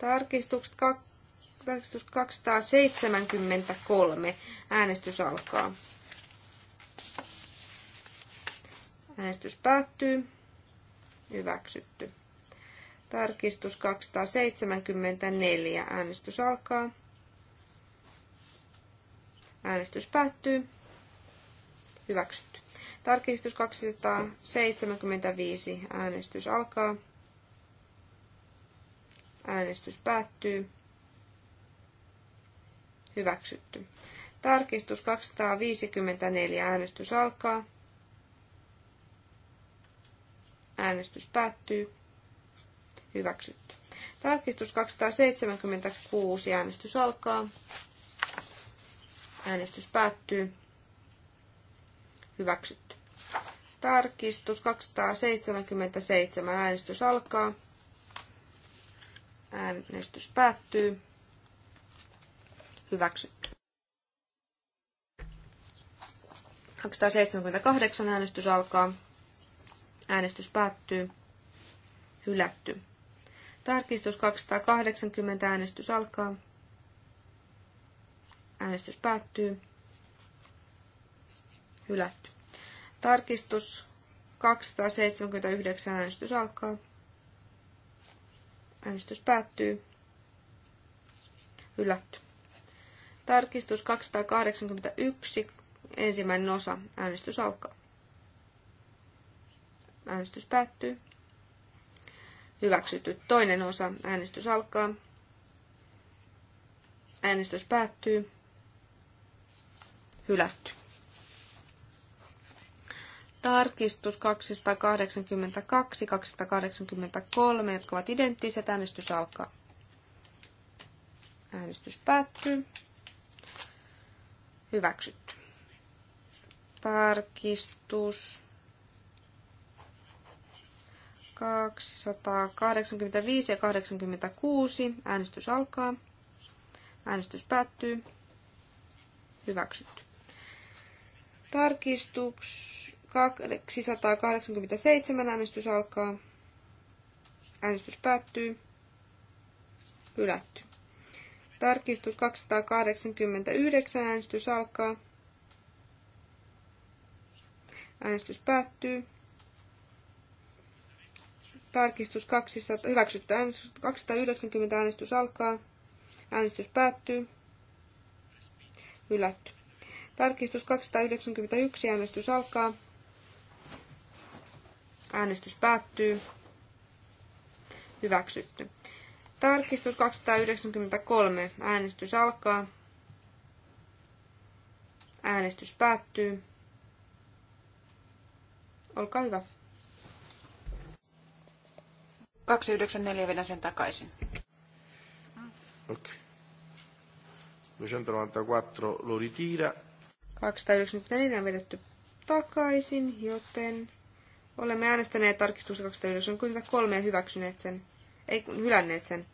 Tarkistus, kak, tarkistus 273. Äänestys alkaa. Äänestys päättyy. Hyväksytty. Tarkistus 274. Äänestys alkaa. Äänestys päättyy. Hyväksytty. Tarkistus 275. Äänestys alkaa. Äänestys päättyy. Hyväksytty. Tarkistus 254. Äänestys alkaa. Äänestys päättyy. Hyväksytty. Tarkistus 276. Äänestys alkaa. Äänestys päättyy. Hyväksytty. Tarkistus 277. Äänestys alkaa. Äänestys päättyy. Hyväksytty. 278 äänestys alkaa. Äänestys päättyy. Hylätty. Tarkistus 280 äänestys alkaa. Äänestys päättyy. Hylätty. Tarkistus 279 äänestys alkaa. Äänestys päättyy. Hylätty. Tarkistus 281, ensimmäinen osa. Äänestys alkaa. Äänestys päättyy. Hyväksytty. Toinen osa. Äänestys alkaa. Äänestys päättyy. Hylätty. Tarkistus 282, 283, jotka ovat identtiset. Äänestys alkaa. Äänestys päättyy. Hyväksytty. Tarkistus 285 ja 86. Äänestys alkaa. Äänestys päättyy. Hyväksytty. Tarkistus 287 äänestys alkaa. Äänestys päättyy. Hylätty. Tarkistus 289 äänestys alkaa. Äänestys päättyy. Tarkistus 200, hyväksytty äänestys, 290 äänestys alkaa. Äänestys päättyy. Hylätty. Tarkistus 291 äänestys alkaa. Äänestys päättyy. Hyväksytty. Tarkistus 293. Äänestys alkaa. Äänestys päättyy. Olkaa hyvä. 294 vedän sen takaisin. Okay. 294 lo ritira. 294 on vedetty takaisin, joten Olemme äänestäneet tarkistusta 293 ja hyväksyneet sen, ei hylänneet sen.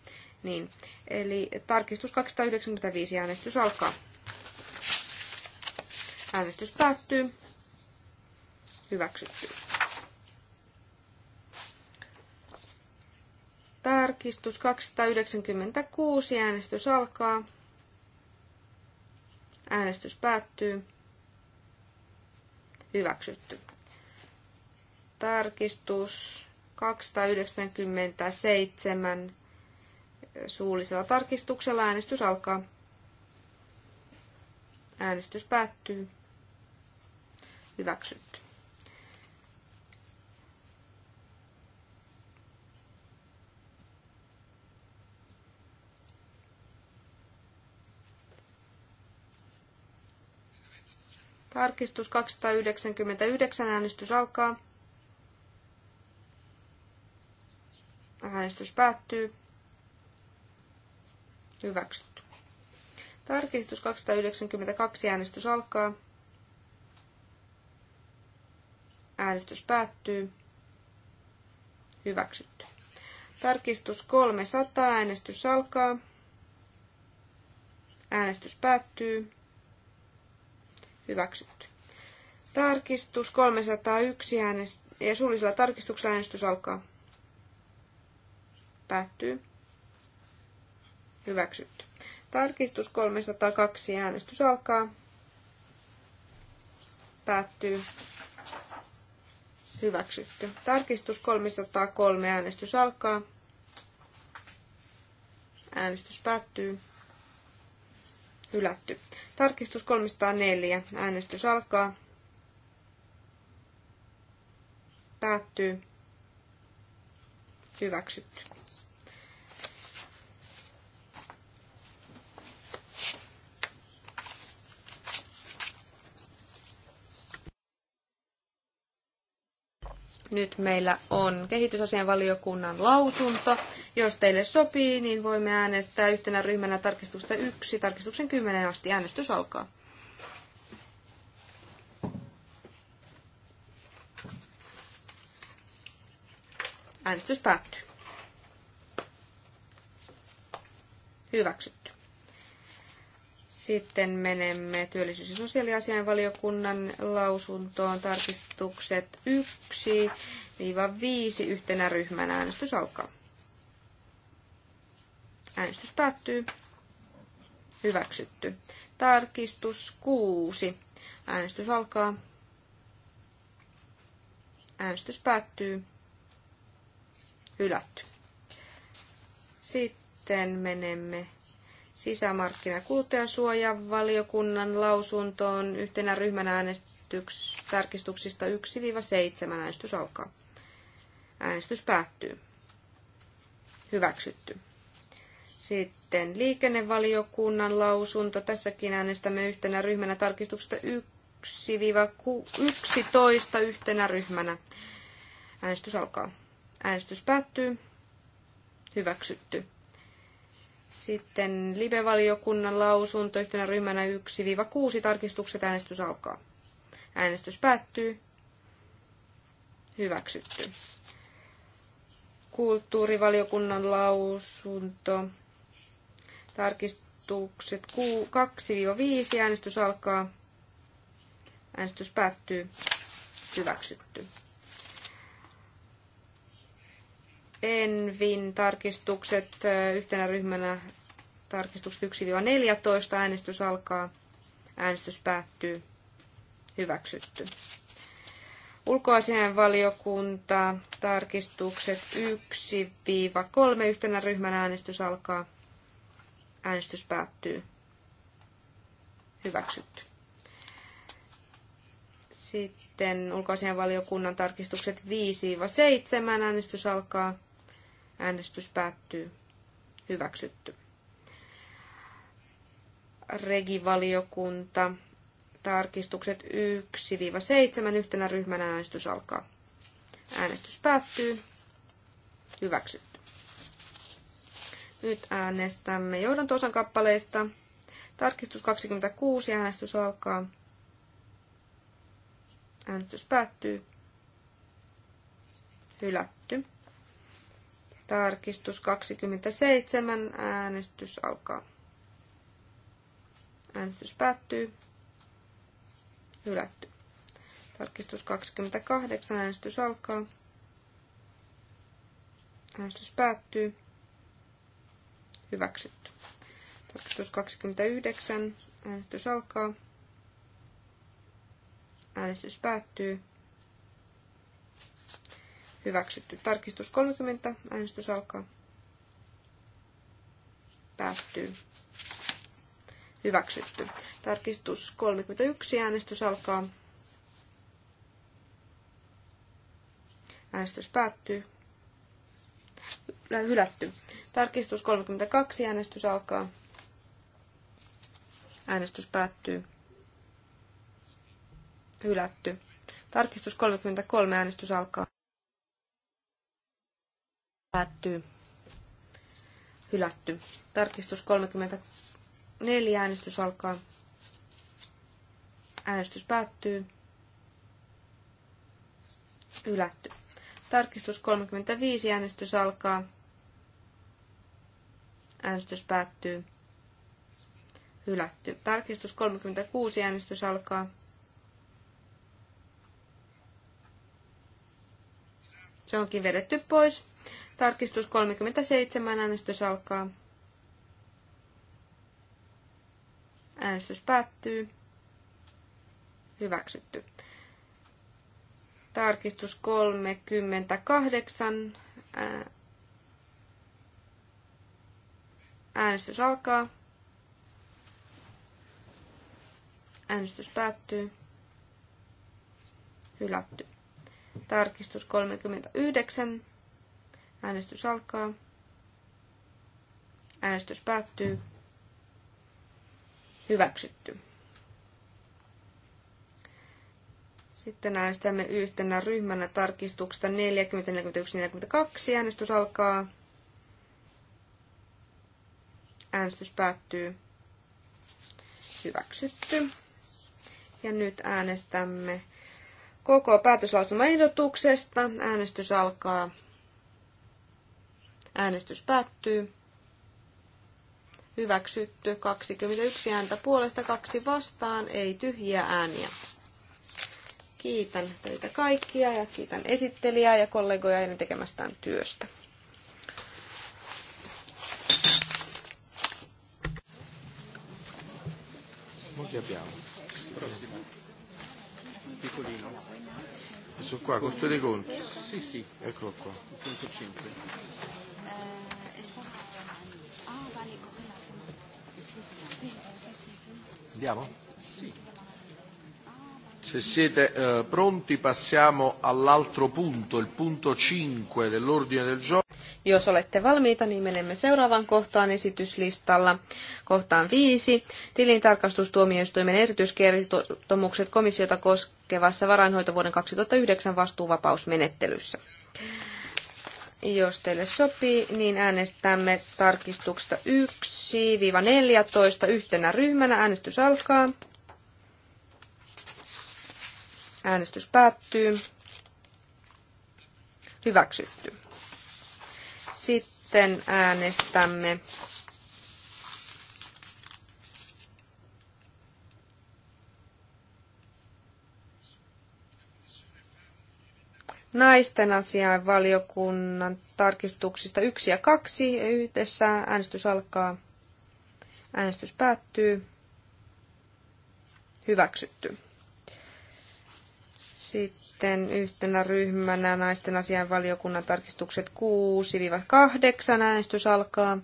Niin. Eli tarkistus 295 äänestys alkaa. Äänestys päättyy. Hyväksytty. Tarkistus 296. Äänestys alkaa. Äänestys päättyy. Hyväksytty. Tarkistus 297 suullisella tarkistuksella äänestys alkaa. Äänestys päättyy. Hyväksytty. Tarkistus 299. Äänestys alkaa. Äänestys päättyy. Hyväksytty. Tarkistus 292. Äänestys alkaa. Äänestys päättyy. Hyväksytty. Tarkistus 300. Äänestys alkaa. Äänestys päättyy. Hyväksytty. Tarkistus 301. Äänestys, ja suullisella tarkistuksella äänestys alkaa. Päättyy. Hyväksytty. Tarkistus 302. Äänestys alkaa. Päättyy. Hyväksytty. Tarkistus 303. Äänestys alkaa. Äänestys päättyy. Hylätty. Tarkistus 304. Äänestys alkaa. Päättyy. Hyväksytty. Nyt meillä on kehitysasianvaliokunnan lausunto. Jos teille sopii, niin voimme äänestää yhtenä ryhmänä tarkistusta 1 tarkistuksen 10 asti. Äänestys alkaa. Äänestys päättyy. Hyväksytty. Sitten menemme työllisyys- ja sosiaaliasiainvaliokunnan lausuntoon. Tarkistukset 1-5 yhtenä ryhmänä. Äänestys alkaa. Äänestys päättyy. Hyväksytty. Tarkistus 6. Äänestys alkaa. Äänestys päättyy. Hylätty. Sitten menemme sisämarkkina- ja kuluttajasuojavaliokunnan lausuntoon yhtenä ryhmän äänestystarkistuksista 1-7. Äänestys alkaa. Äänestys päättyy. Hyväksytty. Sitten liikennevaliokunnan lausunto. Tässäkin äänestämme yhtenä ryhmänä tarkistuksesta 1-11 yhtenä ryhmänä. Äänestys alkaa. Äänestys päättyy. Hyväksytty. Sitten live-valiokunnan lausunto yhtenä ryhmänä 1-6 tarkistukset. Äänestys alkaa. Äänestys päättyy. Hyväksytty. Kulttuurivaliokunnan lausunto. Tarkistukset 2-5. Äänestys alkaa. Äänestys päättyy. Hyväksytty. Envin tarkistukset yhtenä ryhmänä tarkistukset 1-14. Äänestys alkaa. Äänestys päättyy. Hyväksytty. valiokunta tarkistukset 1-3 yhtenä ryhmänä äänestys alkaa. Äänestys päättyy. Hyväksytty. Sitten valiokunnan tarkistukset 5-7 äänestys alkaa. Äänestys päättyy. Hyväksytty. Regivaliokunta. Tarkistukset 1-7 yhtenä ryhmänä äänestys alkaa. Äänestys päättyy. Hyväksytty. Nyt äänestämme johdantosan kappaleista. Tarkistus 26 äänestys alkaa. Äänestys päättyy. Hylätty. Tarkistus 27. Äänestys alkaa. Äänestys päättyy. Hylätty. Tarkistus 28. Äänestys alkaa. Äänestys päättyy. Hyväksytty. Tarkistus 29. Äänestys alkaa. Äänestys päättyy. Hyväksytty. Tarkistus 30. Äänestys alkaa. Päättyy. Hyväksytty. Tarkistus 31. Äänestys alkaa. Äänestys päättyy. Hylätty. Tarkistus 32. Äänestys alkaa. Äänestys päättyy. Hylätty. Tarkistus 33. Äänestys alkaa. Päättyy. Hylätty. Tarkistus 34. Äänestys alkaa. Äänestys päättyy. Hylätty. Tarkistus 35. Äänestys alkaa. Äänestys päättyy. Hylätty. Tarkistus 36. Äänestys alkaa. Se onkin vedetty pois. Tarkistus 37. Äänestys alkaa. Äänestys päättyy. Hyväksytty. Tarkistus 38. Äänestys alkaa. Äänestys päättyy. Hylätty. Tarkistus 39. Äänestys alkaa. Äänestys päättyy. Hyväksytty. Sitten äänestämme yhtenä ryhmänä tarkistuksesta 40, 41, 42. Äänestys alkaa. Äänestys päättyy. Hyväksytty. Ja nyt äänestämme koko päätöslauselmaehdotuksesta. Äänestys alkaa. Äänestys päättyy. Hyväksytty 21 ääntä puolesta, kaksi vastaan, ei tyhjiä ääniä. Kiitän teitä kaikkia ja kiitän esittelijää ja kollegoja heidän tekemästään työstä. Molti abbiamo. Prossima. Piccolino. Questo qua, costo dei conti? Sì, sì. Eccolo qua. 105. Andiamo? Se siete eh, pronti passiamo all'altro punto, il punto 5 dell'ordine del giorno. Jos olette valmiita, niin menemme seuraavaan kohtaan esityslistalla. Kohtaan 5. Tilintarkastustuomioistuimen erityiskertomukset komissiota koskevassa varainhoitovuoden 2009 vastuuvapausmenettelyssä. Jos teille sopii, niin äänestämme tarkistuksesta 1-14 yhtenä ryhmänä. Äänestys alkaa. Äänestys päättyy. Hyväksytty. Sitten äänestämme naisten asiain valiokunnan tarkistuksista yksi ja kaksi yhdessä. Äänestys alkaa. Äänestys päättyy. Hyväksytty. Sitten yhtenä ryhmänä naisten asiain valiokunnan tarkistukset 6-8. Äänestys alkaa.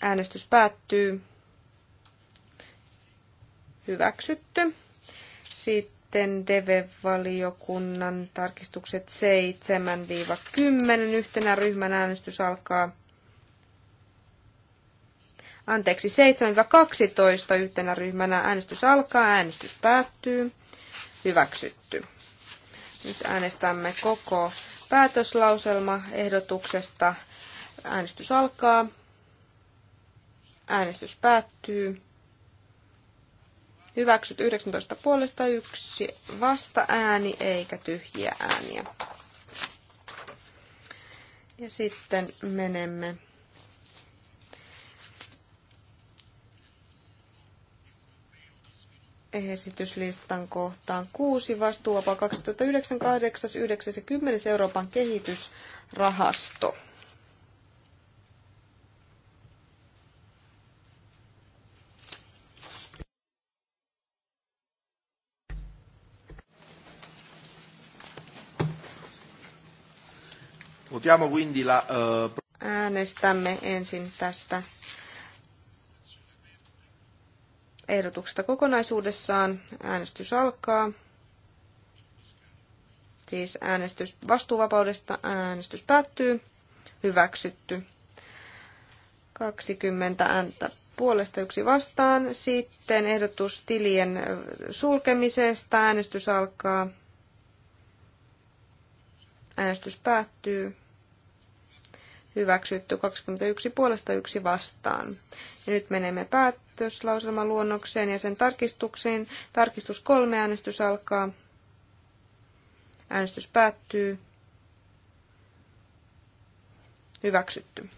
Äänestys päättyy. Hyväksytty. Sitten sitten deve valiokunnan tarkistukset 7-10. Yhtenä ryhmän äänestys alkaa. Anteeksi, 7-12 yhtenä ryhmänä äänestys alkaa, äänestys päättyy. Hyväksytty. Nyt äänestämme koko päätöslauselma ehdotuksesta. Äänestys alkaa. Äänestys päättyy. Hyväksyt 19 puolesta yksi vasta ääni eikä tyhjiä ääniä. Ja sitten menemme esityslistan kohtaan kuusi vastuuvapaa 2009, 8, 9 ja 10 Euroopan kehitysrahasto. quindi la... Uh... Äänestämme ensin tästä ehdotuksesta kokonaisuudessaan. Äänestys alkaa. Siis äänestys vastuuvapaudesta. Äänestys päättyy. Hyväksytty. 20 ääntä puolesta yksi vastaan. Sitten ehdotus tilien sulkemisesta. Äänestys alkaa. Äänestys päättyy hyväksytty 21 puolesta yksi vastaan. Ja nyt menemme päätöslauselmaluonnokseen ja sen tarkistuksiin. Tarkistus kolme äänestys alkaa. Äänestys päättyy. Hyväksytty.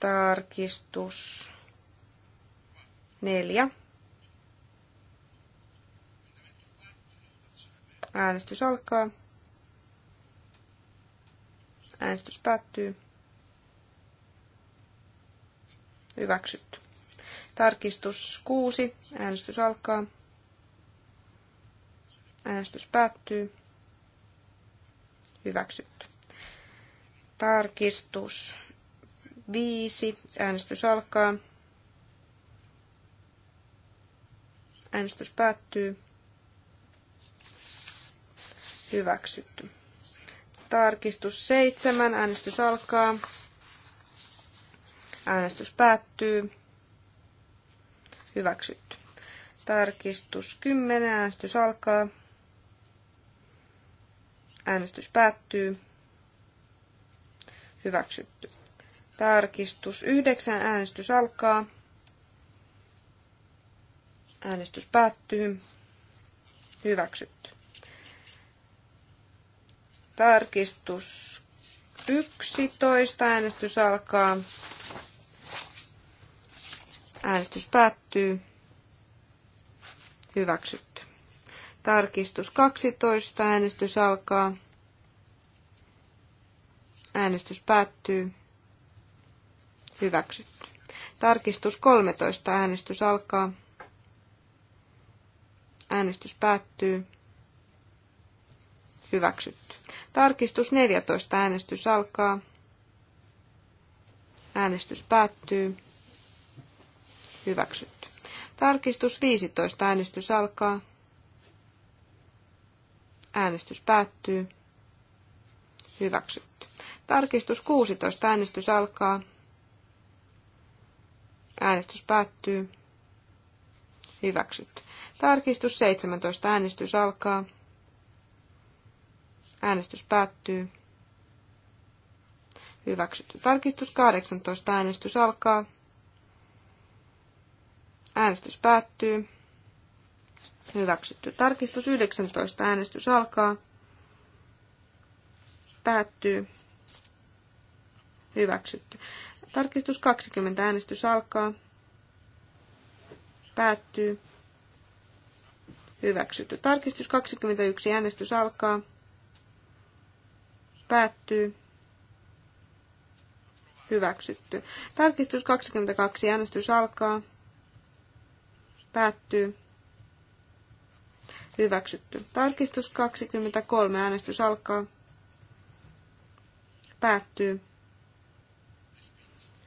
Tarkistus neljä. Äänestys alkaa. Äänestys päättyy. Hyväksytty. Tarkistus 6. Äänestys alkaa. Äänestys päättyy. Hyväksytty. Tarkistus 5. Äänestys alkaa. Äänestys päättyy. Hyväksytty. Tarkistus 7. Äänestys alkaa. Äänestys päättyy. Hyväksytty. Tarkistus 10. Äänestys alkaa. Äänestys päättyy. Hyväksytty. Tarkistus 9. Äänestys alkaa. Äänestys päättyy. Hyväksytty. Tarkistus 11. Äänestys alkaa. Äänestys päättyy. Hyväksytty. Tarkistus 12. Äänestys alkaa. Äänestys päättyy. Hyväksytty. Tarkistus 13. Äänestys alkaa. Äänestys päättyy. Hyväksytty. Tarkistus 14. Äänestys alkaa. Äänestys päättyy. Hyväksytty. Tarkistus 15. Äänestys alkaa. Äänestys päättyy. Hyväksytty. Tarkistus 16. Äänestys alkaa. Äänestys päättyy. Hyväksytty. Tarkistus 17. Äänestys alkaa. Äänestys päättyy. Hyväksytty. Tarkistus 18. Äänestys alkaa. Äänestys päättyy. Hyväksytty. Tarkistus 19. Äänestys alkaa. Päättyy. Hyväksytty. Tarkistus 20. Äänestys alkaa. Päättyy. Hyväksytty. Tarkistus 21. Äänestys alkaa päättyy. Hyväksytty. Tarkistus 22. Äänestys alkaa. Päättyy. Hyväksytty. Tarkistus 23. Äänestys alkaa. Päättyy.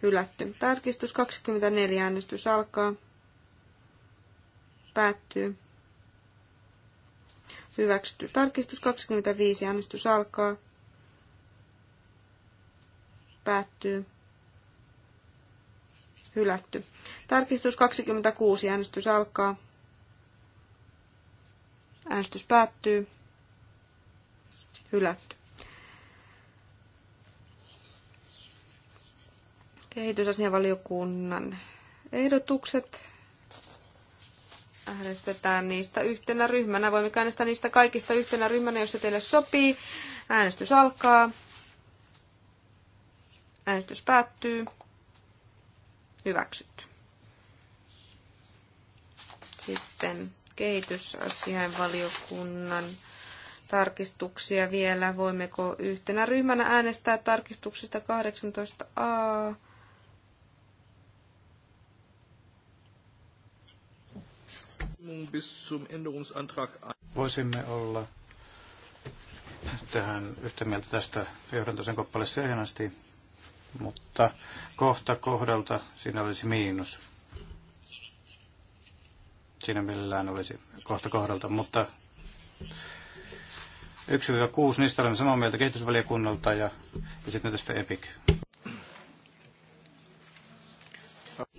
Hylätty. Tarkistus 24. Äänestys alkaa. Päättyy. Hyväksytty. Tarkistus 25. Äänestys alkaa. Päättyy. Hylätty. Tarkistus 26. Äänestys alkaa. Äänestys päättyy. Hylätty. Kehitysasianvaliokunnan ehdotukset. Äänestetään niistä yhtenä ryhmänä. Voimme äänestää niistä kaikista yhtenä ryhmänä, jos se teille sopii. Äänestys alkaa. Äänestys päättyy. Hyväksytty. Sitten kehitysasiainvaliokunnan tarkistuksia vielä. Voimmeko yhtenä ryhmänä äänestää tarkistuksista 18a? Voisimme olla tähän yhtä mieltä tästä johdantosen kappale C asti mutta kohta kohdalta siinä olisi miinus. Siinä millään olisi kohta kohdalta, mutta 1-6, niistä olemme samaa mieltä kehitysvaliokunnalta ja, ja sitten tästä EPIC.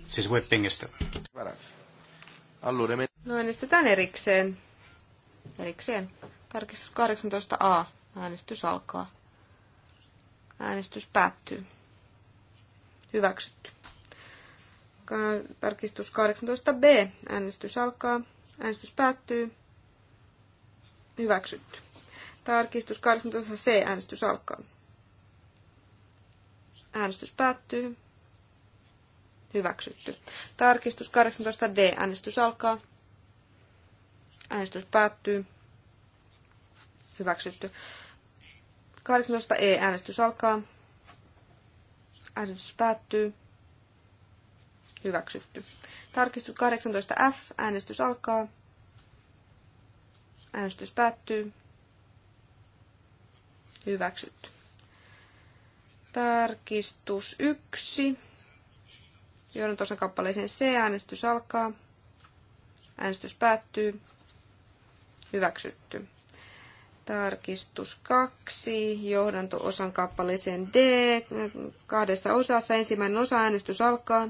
Siis whippingistä. No äänestetään erikseen. Erikseen. Tarkistus 18a. Äänestys alkaa. Äänestys päättyy. Hyväksytty. Tarkistus 18b. Äänestys alkaa. Äänestys päättyy. Hyväksytty. Tarkistus 18c. Äänestys alkaa. Äänestys päättyy. Hyväksytty. Tarkistus 18d. Äänestys alkaa. Äänestys päättyy. Hyväksytty. 18e. Äänestys alkaa. Äänestys päättyy. Hyväksytty. Tarkistus 18F. Äänestys alkaa. Äänestys päättyy. Hyväksytty. Tarkistus 1. Joudun tuossa kappaleeseen C. Äänestys alkaa. Äänestys päättyy. Hyväksytty. Tarkistus 2, johdanto-osan kappaleeseen D, kahdessa osassa. Ensimmäinen osa, äänestys alkaa.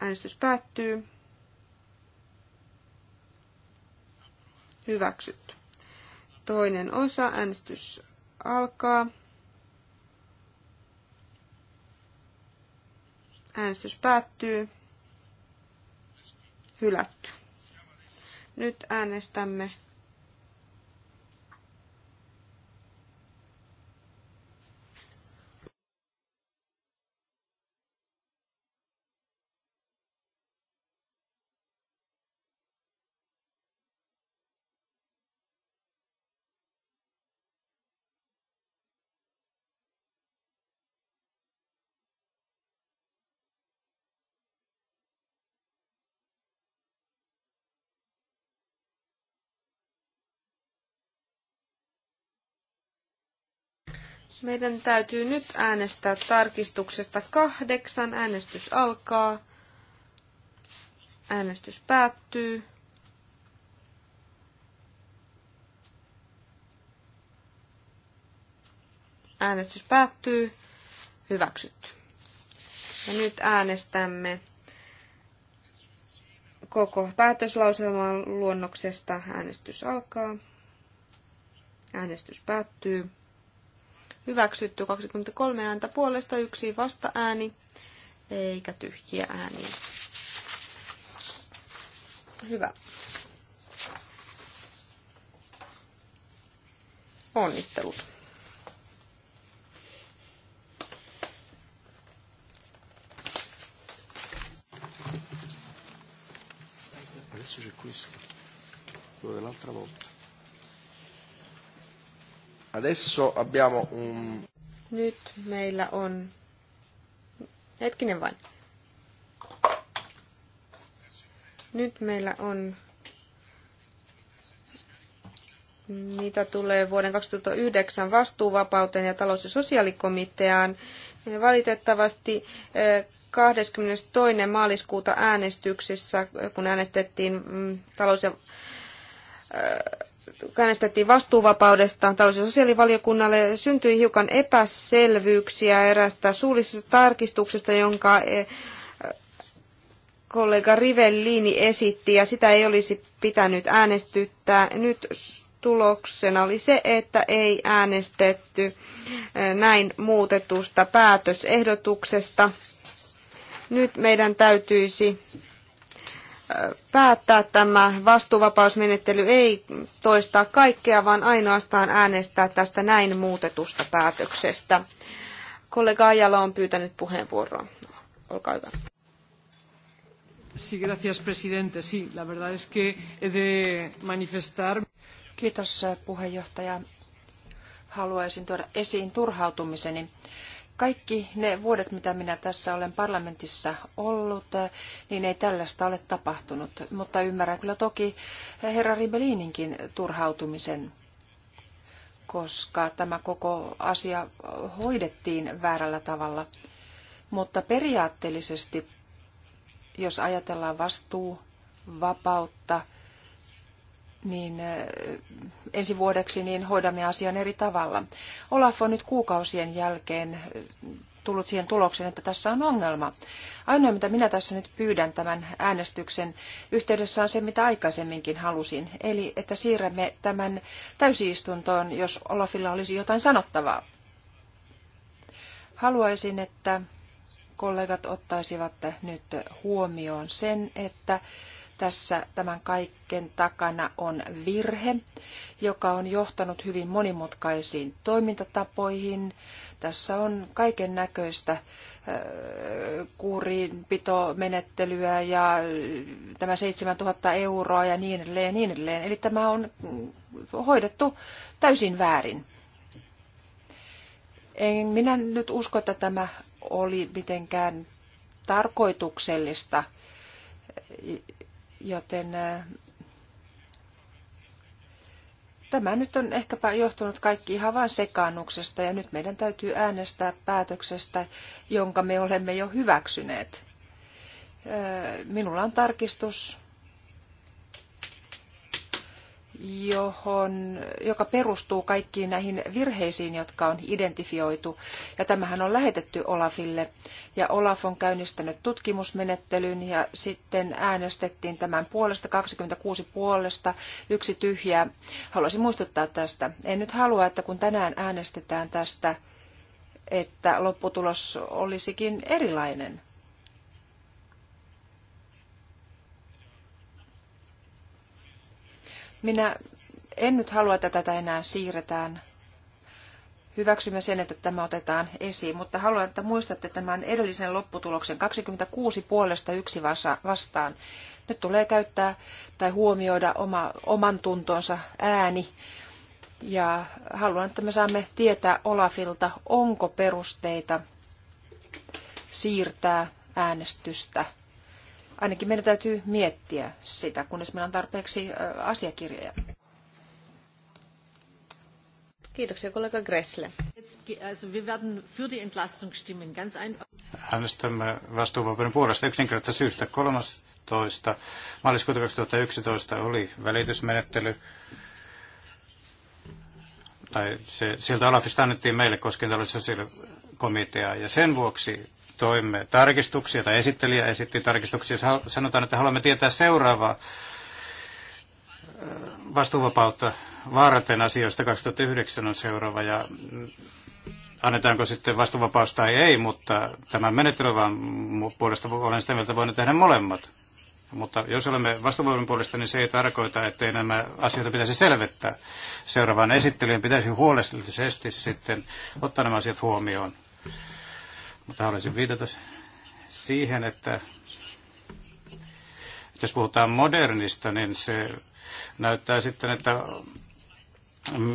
Äänestys päättyy. Hyväksytty. Toinen osa, äänestys alkaa. Äänestys päättyy. Hylätty. Nyt äänestämme Meidän täytyy nyt äänestää tarkistuksesta kahdeksan. Äänestys alkaa. Äänestys päättyy. Äänestys päättyy. Hyväksytty. Ja nyt äänestämme koko päätöslauselman luonnoksesta. Äänestys alkaa. Äänestys päättyy hyväksytty 23 ääntä puolesta, yksi vasta ääni, eikä tyhjiä ääniä. Hyvä. Onnittelut. Adesso c'è questo, quello dell'altra volta. Adesso abbiamo un... Nyt meillä on... Hetkinen vain. Nyt meillä on... Mitä tulee vuoden 2009 vastuuvapauteen ja talous- ja sosiaalikomiteaan, niin valitettavasti 22. maaliskuuta äänestyksessä, kun äänestettiin mm, talous- ja äänestettiin vastuuvapaudesta talous- ja sosiaalivaliokunnalle, syntyi hiukan epäselvyyksiä erästä suullisesta tarkistuksesta, jonka eh, kollega Rivellini esitti, ja sitä ei olisi pitänyt äänestyttää. Nyt tuloksena oli se, että ei äänestetty eh, näin muutetusta päätösehdotuksesta. Nyt meidän täytyisi päättää tämä vastuuvapausmenettely ei toistaa kaikkea, vaan ainoastaan äänestää tästä näin muutetusta päätöksestä. Kollega Ajala on pyytänyt puheenvuoroa. Olkaa hyvä. Sí, gracias, presidente. Sí, la verdad es que he de manifestar... Kiitos, eh, puheenjohtaja. Haluaisin tuoda esiin turhautumiseni kaikki ne vuodet, mitä minä tässä olen parlamentissa ollut, niin ei tällaista ole tapahtunut. Mutta ymmärrän kyllä toki herra Ribelininkin turhautumisen, koska tämä koko asia hoidettiin väärällä tavalla. Mutta periaatteellisesti, jos ajatellaan vastuu, vapautta, niin ensi vuodeksi niin hoidamme asian eri tavalla. Olaf on nyt kuukausien jälkeen tullut siihen tulokseen, että tässä on ongelma. Ainoa, mitä minä tässä nyt pyydän tämän äänestyksen yhteydessä on se, mitä aikaisemminkin halusin. Eli, että siirrämme tämän täysiistuntoon, jos Olafilla olisi jotain sanottavaa. Haluaisin, että kollegat ottaisivat nyt huomioon sen, että tässä tämän kaiken takana on virhe, joka on johtanut hyvin monimutkaisiin toimintatapoihin. Tässä on kaiken näköistä äh, kuurinpitomenettelyä ja tämä 7000 euroa ja niin edelleen, niin edelleen. Eli tämä on mm, hoidettu täysin väärin. En minä nyt usko, että tämä oli mitenkään tarkoituksellista Joten tämä nyt on ehkäpä johtunut kaikki ihan vain sekaannuksesta ja nyt meidän täytyy äänestää päätöksestä, jonka me olemme jo hyväksyneet. Minulla on tarkistus johon, joka perustuu kaikkiin näihin virheisiin, jotka on identifioitu. Ja tämähän on lähetetty Olafille. Ja Olaf on käynnistänyt tutkimusmenettelyn ja sitten äänestettiin tämän puolesta, 26 puolesta, yksi tyhjä. Haluaisin muistuttaa tästä. En nyt halua, että kun tänään äänestetään tästä, että lopputulos olisikin erilainen. Minä en nyt halua, että tätä enää siirretään. Hyväksymme sen, että tämä otetaan esiin, mutta haluan, että muistatte tämän edellisen lopputuloksen 26 puolesta yksi vastaan. Nyt tulee käyttää tai huomioida oma, oman tuntonsa ääni. Ja haluan, että me saamme tietää Olafilta, onko perusteita siirtää äänestystä Ainakin meidän täytyy miettiä sitä, kunnes meillä on tarpeeksi asiakirjoja. Kiitoksia kollega Gressle. Äänestämme vastuuvapauden puolesta yksinkertaisesta syystä. 13. maaliskuuta 2011 oli välitysmenettely tai se, sieltä Olafista annettiin meille koskien tällaista sosiaalikomiteaa, ja sen vuoksi toimme tarkistuksia, tai esittelijä esitti tarkistuksia. Sanotaan, että haluamme tietää seuraavaa äh, vastuuvapautta varten asioista 2009 on seuraava, ja annetaanko sitten vastuuvapaus tai ei, mutta tämän menettelyvän puolesta olen sitä mieltä voinut tehdä molemmat. Mutta jos olemme vastuuvuoden puolesta, niin se ei tarkoita, että nämä asioita pitäisi selvittää. Seuraavaan esittelyyn pitäisi huolellisesti sitten ottaa nämä asiat huomioon. Mutta haluaisin viitata siihen, että jos puhutaan modernista, niin se näyttää sitten, että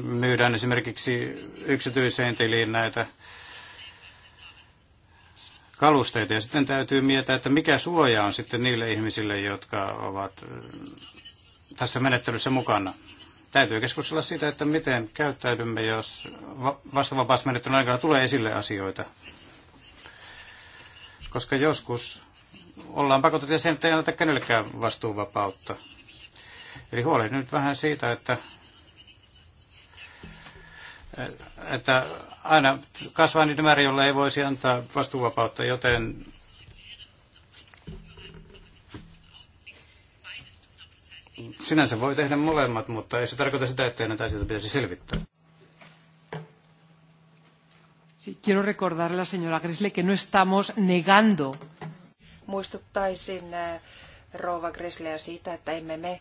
myydään esimerkiksi yksityiseen tiliin näitä kalusteita. Ja sitten täytyy miettiä, että mikä suoja on sitten niille ihmisille, jotka ovat tässä menettelyssä mukana. Täytyy keskustella siitä, että miten käyttäydymme, jos vastavapausmenettelyn aikana tulee esille asioita, koska joskus ollaan pakotettu sen, että ei anneta kenellekään vastuuvapautta. Eli huolehdin nyt vähän siitä, että, että aina kasvaa niitä määrä, jolle ei voisi antaa vastuuvapautta, joten sinänsä voi tehdä molemmat, mutta ei se tarkoita sitä, että näitä asioita pitäisi selvittää. Sí, quiero recordarle a la señora Gresle que no estamos negando. Muistuttaisin eh, rouva Gresleä siitä, että emme me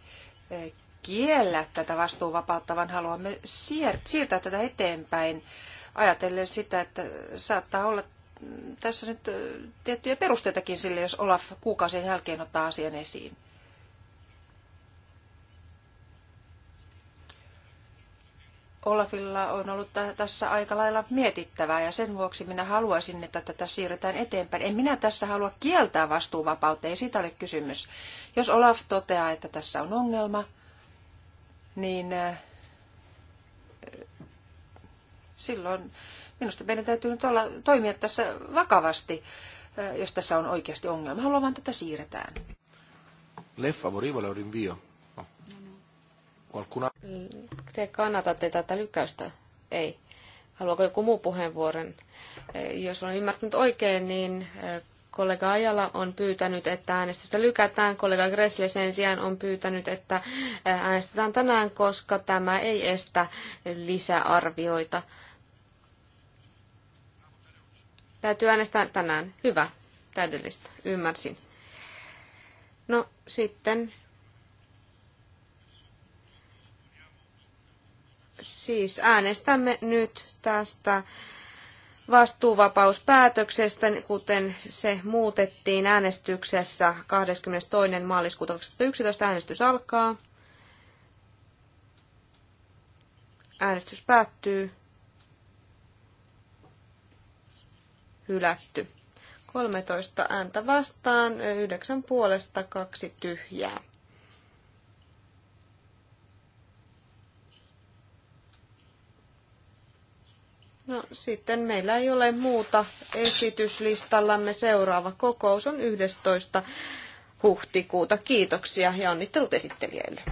eh, kiellä tätä vastuuvapautta, vaan haluamme siirtää tätä eteenpäin ajatellen sitä, että saattaa olla mm, tässä nyt eh, tiettyjä perusteitakin sille, jos Olaf kuukausien jälkeen ottaa asian esiin. Olafilla on ollut tässä aika lailla mietittävää ja sen vuoksi minä haluaisin, että tätä siirretään eteenpäin. En minä tässä halua kieltää vastuuvapautta, ei siitä ole kysymys. Jos Olaf toteaa, että tässä on ongelma, niin äh, silloin minusta meidän täytyy nyt olla, toimia tässä vakavasti, äh, jos tässä on oikeasti ongelma. Haluan vaan tätä siirretään. Leffa favorevole o rinvio? No te kannatatte tätä lykkäystä? Ei. Haluaako joku muu puheenvuoron? E, jos olen ymmärtänyt oikein, niin e, kollega Ajala on pyytänyt, että äänestystä lykätään. Kollega Gressle sen sijaan on pyytänyt, että e, äänestetään tänään, koska tämä ei estä lisäarvioita. Täytyy äänestää tänään. Hyvä. Täydellistä. Ymmärsin. No sitten siis äänestämme nyt tästä vastuuvapauspäätöksestä, kuten se muutettiin äänestyksessä 22. maaliskuuta 2011. Äänestys alkaa. Äänestys päättyy. Hylätty. 13 ääntä vastaan, 9 puolesta, 2 tyhjää. No sitten meillä ei ole muuta esityslistallamme. Seuraava kokous on 11. huhtikuuta. Kiitoksia ja onnittelut esittelijöille.